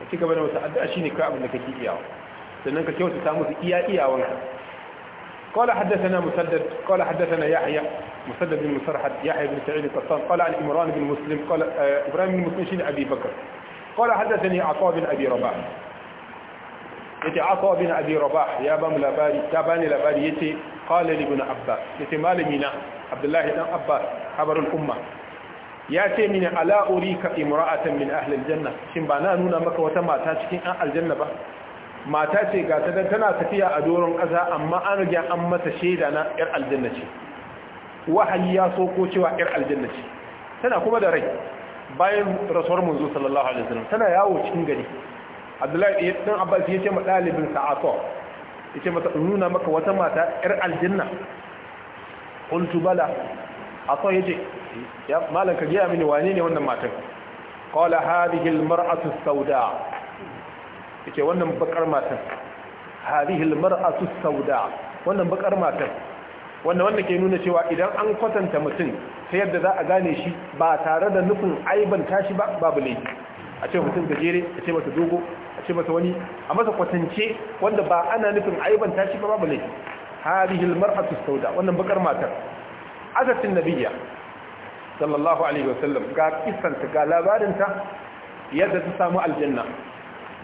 ka ci gaba da musu addu'a shine ka abinda kake iyawa sannan ka kyautata musu iya iyawanka قال حدثنا مسدد قال حدثنا يحيى مسدد بن مسرحة يحيى بن سعيد القطان قال عن عمران بن مسلم قال آه، إبراهيم بن مسلم شين أبي بكر قال حدثني عطاء بن أبي رباح يتي عطاء بن أبي رباح يا بام لباري يا باني لباري يتي قال لي ابن عباس يتي مال منا عبد الله بن عباس خبر الأمة يا ce mini ala urika imra'atan min ahli aljanna shin ba na nuna maka wata mata cikin an mata ce ga ta dan tana tafiya a doron ƙasa amma an riga an mata sheda na ƴar aljanna ce wahayi ya ko cewa ƴar aljanna ce tana kuma da rai bayan rasuwar manzo sallallahu alaihi wasallam tana yawo cikin gari Abdullahi dan Abbas yace ma dalibin sa ato yace mata nuna maka wata mata ƴar aljanna qultu bala ato yace ya malan ka ga mini wane ne wannan matan qala hadhihi almar'atu sawda yace wannan bakar matan hadhihi almar'atu sauda wannan bakar matan wannan wanda ke nuna cewa idan an kwatanta mutum ta yadda za a gane shi ba tare da nufin aiban tashi ba babu laifi a ce mutum gajere a ce masa dogo a ce masa wani a masa kwatance wanda ba ana nufin aiban tashi ba babu laifi hadhihi almar'atu sauda wannan bakar matar azatin nabiyya sallallahu alaihi wasallam ga kisanta ga labarinta yadda ta samu aljanna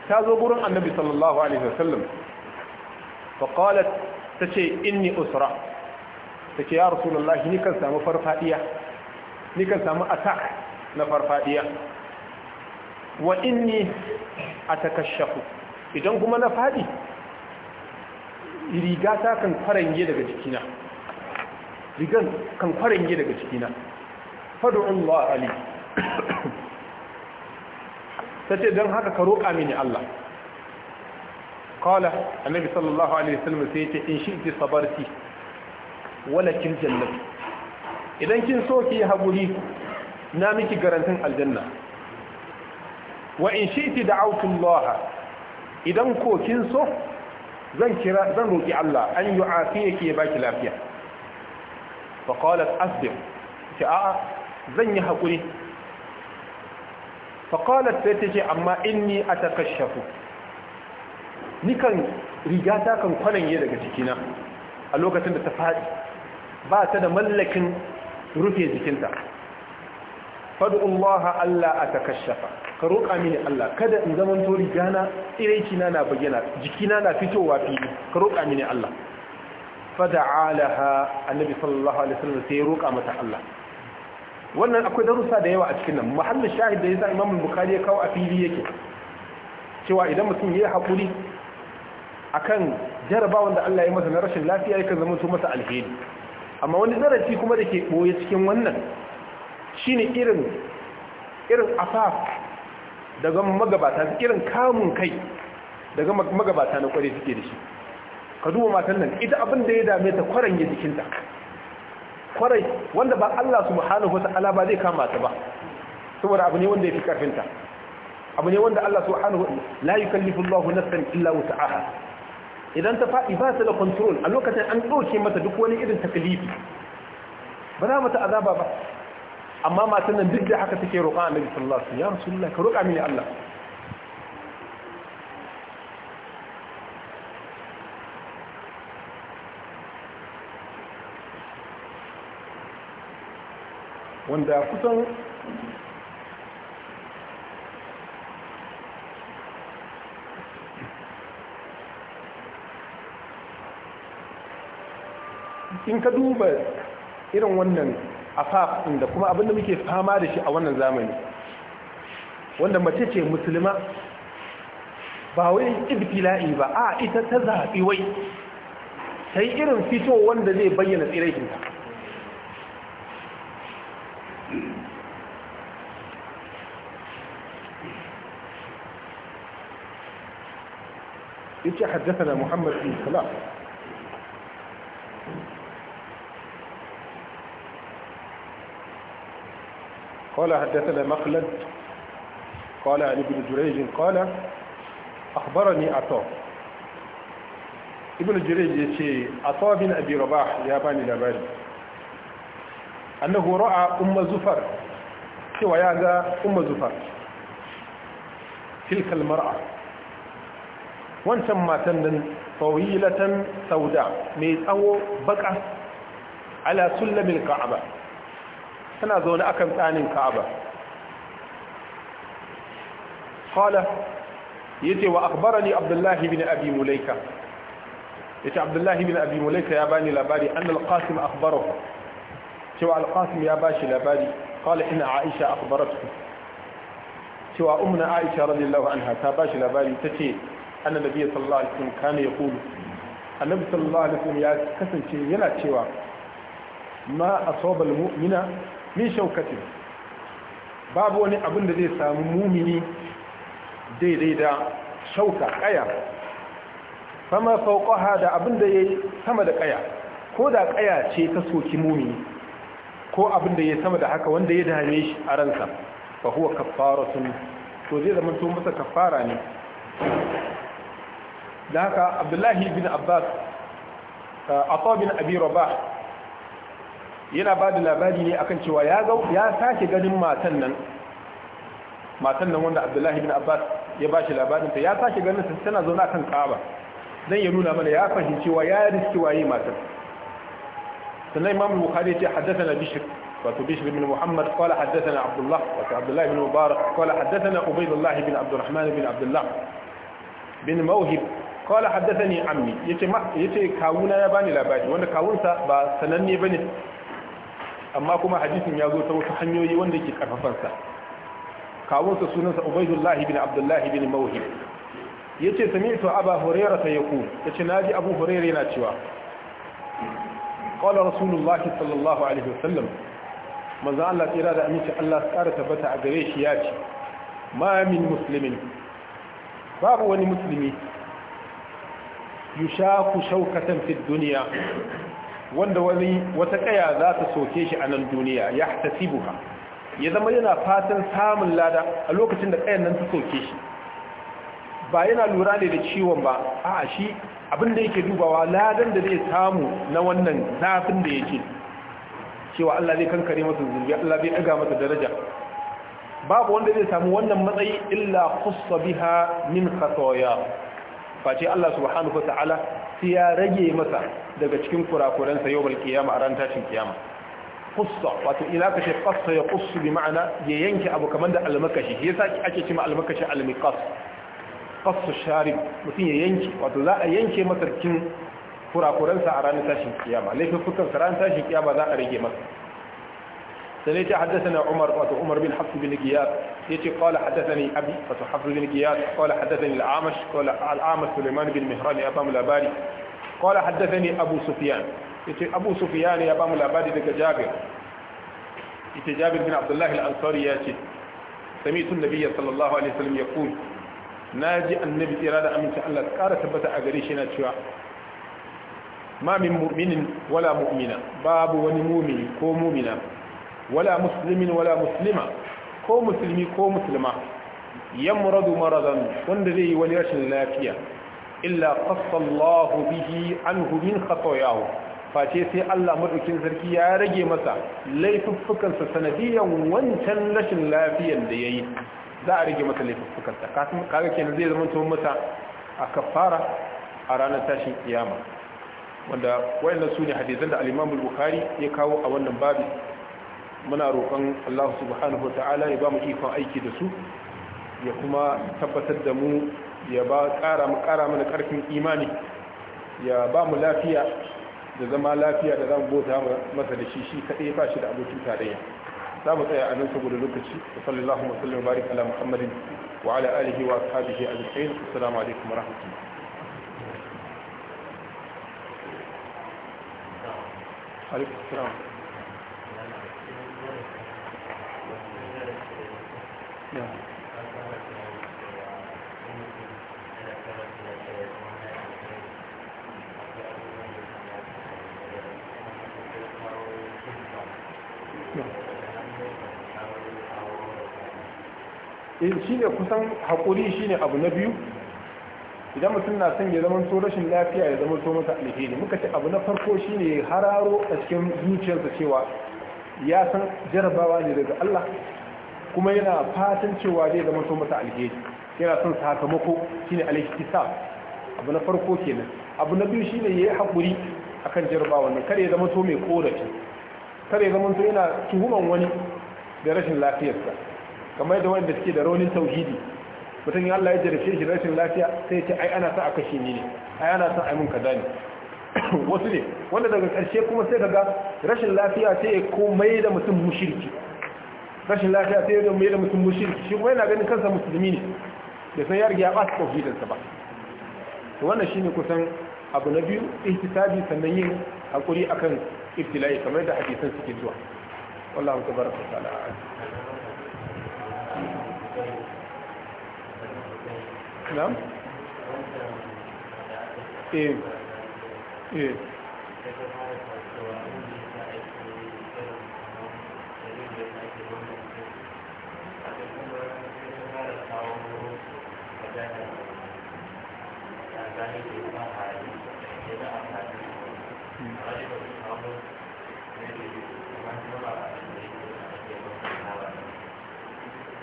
ta zo gurin annabi sallallahu alaihi wasallam fa qalat tace inni usra tace ya rasulullahi ni kan samu farfadiya ni kan samu attack na farfadiya wa inni atakashafu idan kuma na fadi riga ta kan farange daga cikina rigan kan farange daga cikina fad'u Allah ali ta ce don haka ka roƙa mini Allah kala annabi sallallahu alaihi wasallam sai ce in shi ki sabarti wala kin jannat idan kin so ki haƙuri na miki garantin aljanna wa in shi ki da'awtu Allah idan ko kin so zan kira zan roƙi Allah an yi yu'afiyaki ya baki lafiya fa qalat asbir ki a'a zan yi haƙuri faƙalar sai ta ce amma in ni a ta Ni nikan riga ta kan kwananye daga jikina a lokacin da ta faɗi ba ta da mallakin rufe jikinta fadu'ullaha Allah a ta takashafa ka roƙa mini Allah kada in zaman to rigana tsiraikina na bayyana jikina na fitowa fili ka roƙa mini Allah fada'alaha annabi sallallahu alaihi wasallam sai ya roƙa mata Allah wannan akwai darussa da yawa a cikin nan muhallin shahid da yasa imamu bukhari ya kawo a fili yake cewa idan mutum ya yi haƙuri akan jarabawan da Allah ya masa na rashin lafiya kan zama su masa alheri amma wani zarafi kuma da ke boye cikin wannan shine irin irin afaf daga magabata irin kamun kai daga magabata na kware suke da shi ka duba matan nan ita abin da ya dame ta kwaran jikinta kwarai wanda ba Allah subhanahu wata'ala ba zai kama ta ba saboda abu ne wanda ya fi karfinta abu ne wanda Allah subhanahu la yukallifu nafsan illa wus'aha idan ta faɗi ba ta da control a lokacin an ɗauke mata duk wani irin takalifi ba za mata azaba ba amma matan nan duk da haka take roƙa annabi sallallahu alaihi wasallam ya rasulullah ka roƙa mini Allah wanda kusan in ka duba irin wannan afaf da kuma abinda muke fama da shi a wannan zamani wanda mace ce musulma ba wai ibtila'i ba a ita ta zaɓi wai ta irin fito wanda zai bayyana tsiraikinta يقولش حدثنا محمد بن خلاص قال حدثنا مخلد قال عن ابن جريج قال أخبرني عطاء ابن جريج يتي عطاء بن أبي رباح يا بني أنه رأى أم زفر سوى أم زفر تلك المرأة wancan matan nan fawilatan sauda mai tsawo baka ala sullamin ka'aba tana zaune akan tsanin ka'aba qala yace wa akhbarani abdullahi bin abi mulaika yace abdullahi bin abi mulaika ya bani labari anna al-qasim akhbarahu cewa al ya bashi labari qala inna aisha akhbarathu cewa ummu aisha radiyallahu anha ta bashi labari tace annan nabi sallallahu alaihi wasallam kana ya kulu annabi sallallahu alaihi wasallam ya kasance yana cewa ma asaba almu'mina min shaukatin babu wani abin da zai samu mumini daidai da shauka kaya fama fauqaha da abin da yayi sama da kaya ko da kaya ce ta soki mumini ko abin da yayi sama da haka wanda ya dame shi a ransa fa huwa kaffaratun to zai zama to masa kaffara ne da haka abdullahi bin abbas uh, a bin abi rabah yana ba da labari ne akan cewa ya sake ganin matan nan matan nan wanda abdullahi bin abbas ya ba shi ta ya sake ganin ta tana zaune kan kaba dan ya nuna mana ya fahimci wa ya riski waye matan sannan imam bukhari ya ce haddathana bishr wato bishr bin muhammad qala haddathana abdullah wato abdullah bin mubarak qala haddathana ubaydullah bin abdurrahman bin abdullah bin mawhib qala haddathani ammi yace ce kawuna ya bani labari wanda kawunsa ba sananne ba ne. amma kuma hadisin ya zo ta wasu hanyoyi wanda ke karfafan sa kawunsa sunansa ubaydullah ibn abdullah ibn mawhib yace sami'tu aba Ya ce yace naji abu hurairah yana cewa qala rasulullah sallallahu alaihi wasallam manzo Allah tsira da aminci Allah tsara tabbata a gare shi ya ce ma min muslimin babu wani musulmi yushaku shaukatan fid duniya wanda wani wata kaya za ta soke shi a nan duniya ya buha ya zama yana fatan samun lada a lokacin da kayan nan ta soke shi ba yana lura ne da ciwon ba a shi abinda yake dubawa ladan da zai samu na wannan zafin da yake cewa Allah zai kankare masa zunubi Allah zai daga masa daraja babu wanda zai samu wannan matsayi illa khussa biha min khatoya face Allah subhanahu wa ta'ala sai ya rage masa daga cikin kurakuransa yau balkiyama a ran tashin kiyama qussa wato ila ka ce qassa ya qussu bi ma'ana ya yanke abu kamar da almakashi ya yasa ake cewa almakashi almiqas qassu sharib mutum ya yanke wato za a yanke masa cikin a ranar tashin kiyama laifin fukan ranar tashin kiyama za a rage masa sai ta haddasa umar wato umar bin hafsu bin giyar ya ce kawala haddasa ne abi wato hafsu bin giyar kawala haddasa ne al'amash kawala bin mihrani ya bamu labari kawala haddasa ne abu sufiyan ya ce abu daga jabir ita jabir bin abdullahi al'ansari ya ce sami tun nabi ya sallallahu alaihi wasallam ya kuli na ji annabi tsira da amince allah kara tabbata a gare shi na cewa ma min mu'minin wala mu'mina babu wani mumini ko mumina wala muslimin wala muslima ko musulmi ko musulma yamradu maradan wanda zai yi wani rashin lafiya illa qasallahu bihi anhu min face sai Allah madaukin sarki ya rage masa sa sanadiyan wancan rashin lafiyan da yayi za a rage masa laifuffukansa kaga kenan zai zama to masa a kafara a ranar tashin kiyama wanda wayannan sune Hadizan hadisan da al-Imam bukhari ya kawo a wannan babi muna roƙon Allah subhanahu wa ta'ala ya ba mu ikon aiki da su ya kuma tabbatar da mu ya ba ƙara mu ƙara mana ƙarfin imani ya ba mu lafiya da zama lafiya da zamu bota masa da shi shi kaɗai ba shi da abokin tarayya za mu tsaya a nan saboda lokaci wa sallallahu wa sallam barik ala muhammadin wa ala alihi wa ashabihi ajma'in assalamu alaikum wa rahmatullahi عليكم السلام in eh, shi ne kusan haƙuri shi ne abu na biyu idan mutum na son ya zamanto rashin lafiya ya zama mata masa alheri muka ce abu na farko shi ne hararo a cikin zuciyarsa cewa ya san jarabawa ne daga Allah kuma yana fatan cewa zai zama to masa alheri yana son sakamako shine alhikisa abu na farko kenan abu na biyu shine yayi hakuri akan jarba, nan kare ya zama to mai korafi kare ya zama to yana tuhuman wani da rashin lafiyarsa kamar yadda wanda suke da raunin tauhidi mutum ya Allah ya jarfe shi rashin lafiya sai ya ce ai ana sa a kashe ni ne ai ana sa a mun kaza ne wasu ne wanda daga ƙarshe kuma sai ga rashin lafiya sai ya komai da mutum mushirki rashin lafiya sai ya zama da mutum mushir shi kuma yana ganin kansa musulmi ne da san ya rige ya ɓata ba to wannan shi ne kusan abu na biyu ihtisabi sannan yin hakuri akan ibtila'i kamar da hadisan suke zuwa wallahu ta bar na'am eh eh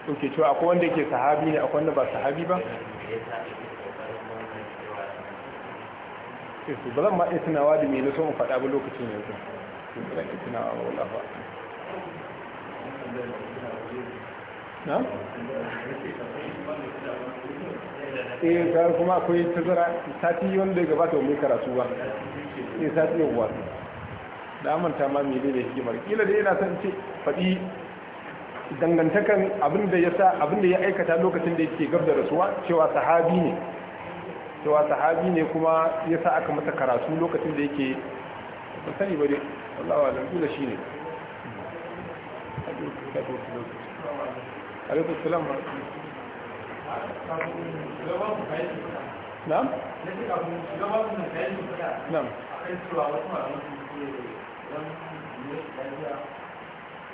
kuke cewa akwai wanda yake sahabi ne akwai wanda ba sahabi ba su eh, ba zan ma iya tunawa da me na so in faɗa ba lokacin yanzu ba zan iya tunawa ba wala ba na? eh ga kuma akwai tazara sati wanda ya gabata mai karatu ba eh sati yawwa da amanta ma mai da hikimar kila da yana son ce faɗi dangantakan abin da ya sa abin da ya aikata lokacin da yake gab da rasuwa cewa sahabi ne cewa sahabi ne kuma ya sa aka masa karatu lokacin da yake sani bari Allah wa zan kula shine alaikum salam na'am na'am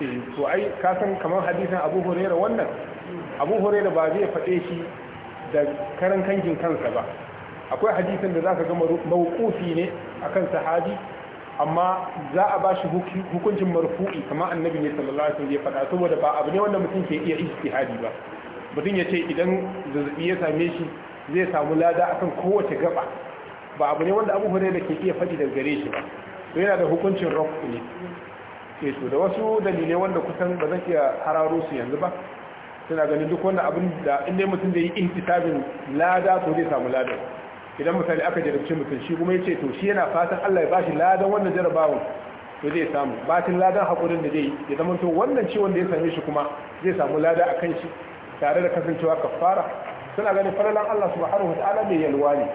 to ai ka san kamar hadisin abu huraira wannan abu huraira ba zai faɗe shi da karan kankin kansa ba akwai hadisin da zaka gama mawqufi ne akan sahabi amma za a bashi hukuncin marfu'i kamar annabi ne sallallahu alaihi wasallam ya faɗa saboda ba abu ne wanda mutum ke iya ijtihadi ba mutum ya ce idan zazzabi ya same shi zai samu lada akan kowace gaba ba abu ne wanda abu huraira ke iya faɗi daga gare shi ba yana da hukuncin rafu ne ke to da wasu dalilai wanda kusan ba zan iya hararo su yanzu ba suna ganin duk wannan abin da in dai mutum zai yi ihtisabin lada to zai samu lada idan misali aka jarabci mutum shi kuma ya ce to shi yana fatan Allah ya bashi lada wannan jarabawan to zai samu batin ladan hakurin da zai yi ya zama to wannan ci wanda ya same shi kuma zai samu lada a kan shi tare da kasancewa kafara suna ganin falalan Allah subhanahu wataala mai yalwa ne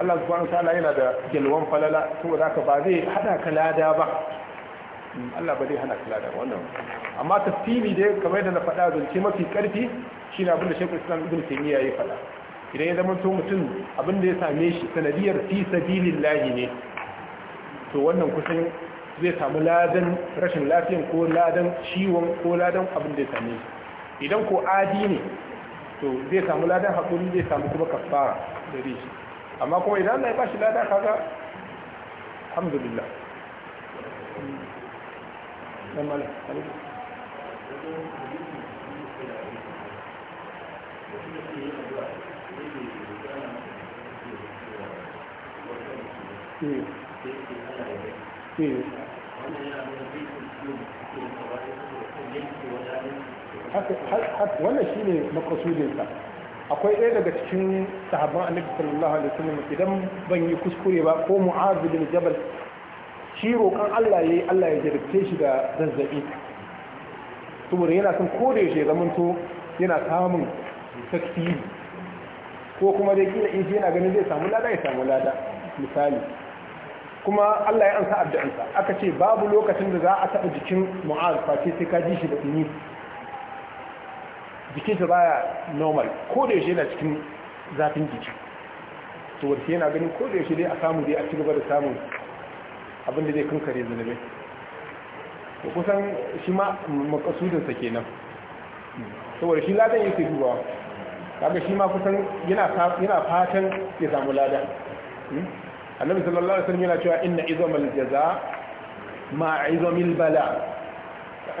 Allah subhanahu wataala yana da yalwan falala saboda haka ba zai hada ka lada ba Hmm, Allah ba zai hana kula lada wannan amma tafsiri dai kamar yadda na faɗa zance mafi karfi shine abin da Sheikhul Islam Ibn Taymiyyah ya faɗa idan ya zama to mutum abin da ya same shi sanadiyar fi sabilillahi ne to wannan kusan zai samu ladan rashin lafiyan ko ladan ciwon ko ladan abin da ya same shi idan ko adi ne to zai samu ladan haƙuri zai samu kuma kafara da shi amma kuma idan Allah ya shi lada kaga alhamdulillah dan malam hmm. Hmm. wannan shi ne makasudinsa akwai ɗaya daga cikin sahabban annabi sallallahu alaihi wasallam idan ban yi kuskure ba ko mu'az bin jabal shi roƙon Allah ya yi Allah ya jarabce shi da zazzabi saboda yana son ko da yaushe zamanto yana samun takfiri ko kuma dai kila in yana ganin zai samu lada ya samu lada misali kuma Allah ya ansa addu'ansa aka ce babu lokacin da za a taɓa jikin mu'az face sai ka ji shi da tsini jikin ta baya normal ko da yaushe yana cikin zafin jiki to yana ganin ko da yaushe dai a samu dai a ci gaba da samun abinda zai kankare zunubai to kusan shi ma makasudinsa kenan saboda shi ladan yake dubawa kaga shi ma kusan yana yana fatan ya samu lada hmm? annabi sallallahu alaihi wasallam yana cewa inna izamal jaza ma izamil bala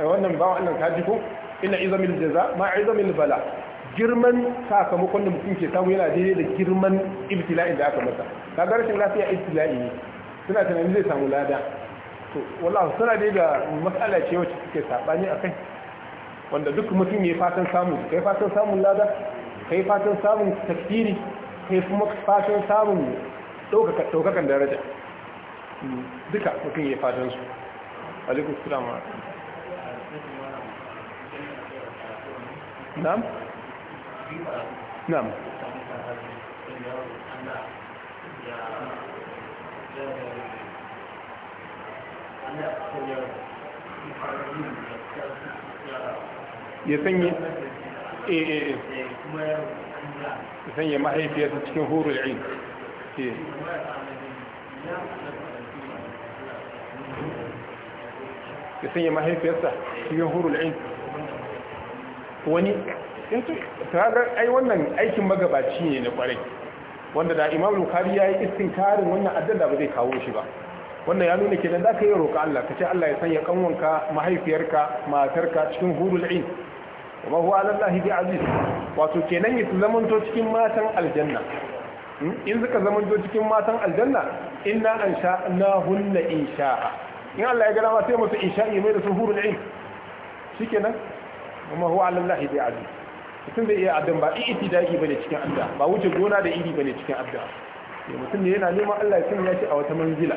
eh, wannan ba wannan kaji ko inna izamil jaza ma izamil bala girman sakamakon da mutum ke samu yana daidai da girman ibtila'in da aka masa kaga rashin lafiya ibtila'i ne suna tunanin zai samu lada to wallahu suna dai da matsala ce wacce suke saɓani a kai wanda duk mutum ya fatan samu kai fatan samun lada kai fatan samun takdiri kai kuma fatan samun ɗaukakan daraja duka mutum ya fatan su alaikun sulama Nam. na'am ya sanya eh, eh, eh. ya sanya mahaifiyarsa cikin hurul ain ya sanya mahaifiyarsa cikin hurul yi wani ta ai wannan aikin magabaci ne na kwarai wanda da imam bukari ya yi karin wannan addan da ba zai kawo shi ba wannan ya nuna kenan ka yi roƙa Allah ka ce Allah ya sanya kanwanka mahaifiyarka matarka cikin hurul in, kuma huwa ala bi aziz wato kenan ya zamanto cikin matan aljanna hmm? in suka zamanto cikin matan aljanna inna na insha'a in Allah ya ga dama sai musu insha'i mai da su hurul in, shikenan kuma huwa ala bi aziz mutum zai iya addan ba iti daki bane cikin adda ba wuce gona da iri bane cikin adda ne eh, mutum ne yana neman Allah ya sanya shi a wata manzila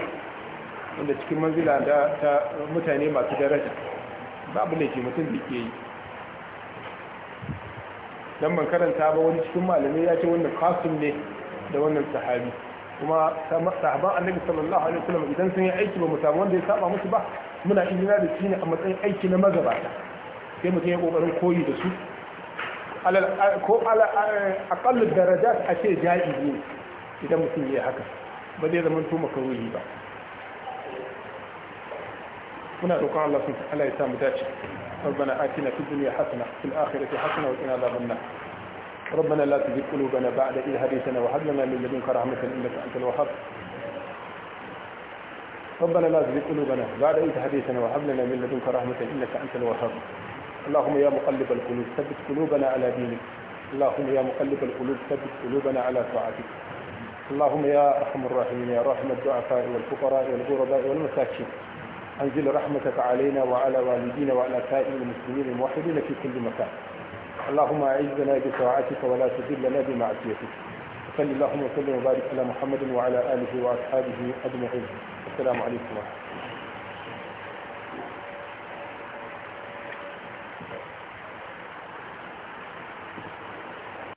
wanda cikin manzila da ta mutane masu daraja babu ne ke mutum da ke yi dan ban karanta ba wani cikin malamai ya ce wannan kasum ne da wannan sahabi kuma sahaban annabi sallallahu alaihi wasallam idan sun yi aiki ba mu samu wanda ya saba musu ba muna izina da shi ne a matsayin aiki na magabata sai mutum ya kokarin koyi da su على آه، على آه، اقل الدرجات اشياء جائزه اذا idan هي هكا بدي اذا zai zama tuma هنا ba الله سبحانه وتعالى يسام داتش ربنا آتنا في الدنيا حسنة في الآخرة حسنة وقنا عذاب النار ربنا لا تزغ قلوبنا بعد إذ هديتنا وهب لنا من لدنك رحمة إنك أنت الوهاب ربنا لا تزغ قلوبنا بعد إذ هديتنا وهب لنا من لدنك رحمة إنك أنت الوهاب اللهم يا مقلب القلوب ثبت قلوبنا على دينك اللهم يا مقلب القلوب ثبت قلوبنا على طاعتك اللهم يا ارحم الراحمين يا رحم الضعفاء والفقراء والغرباء والمساكين انزل رحمتك علينا وعلى والدينا وعلى سائر المسلمين الموحدين في كل مكان اللهم اعزنا بطاعتك ولا تذلنا بمعصيتك صل اللهم وسلم وبارك على محمد وعلى اله واصحابه اجمعين السلام عليكم ورحمه الله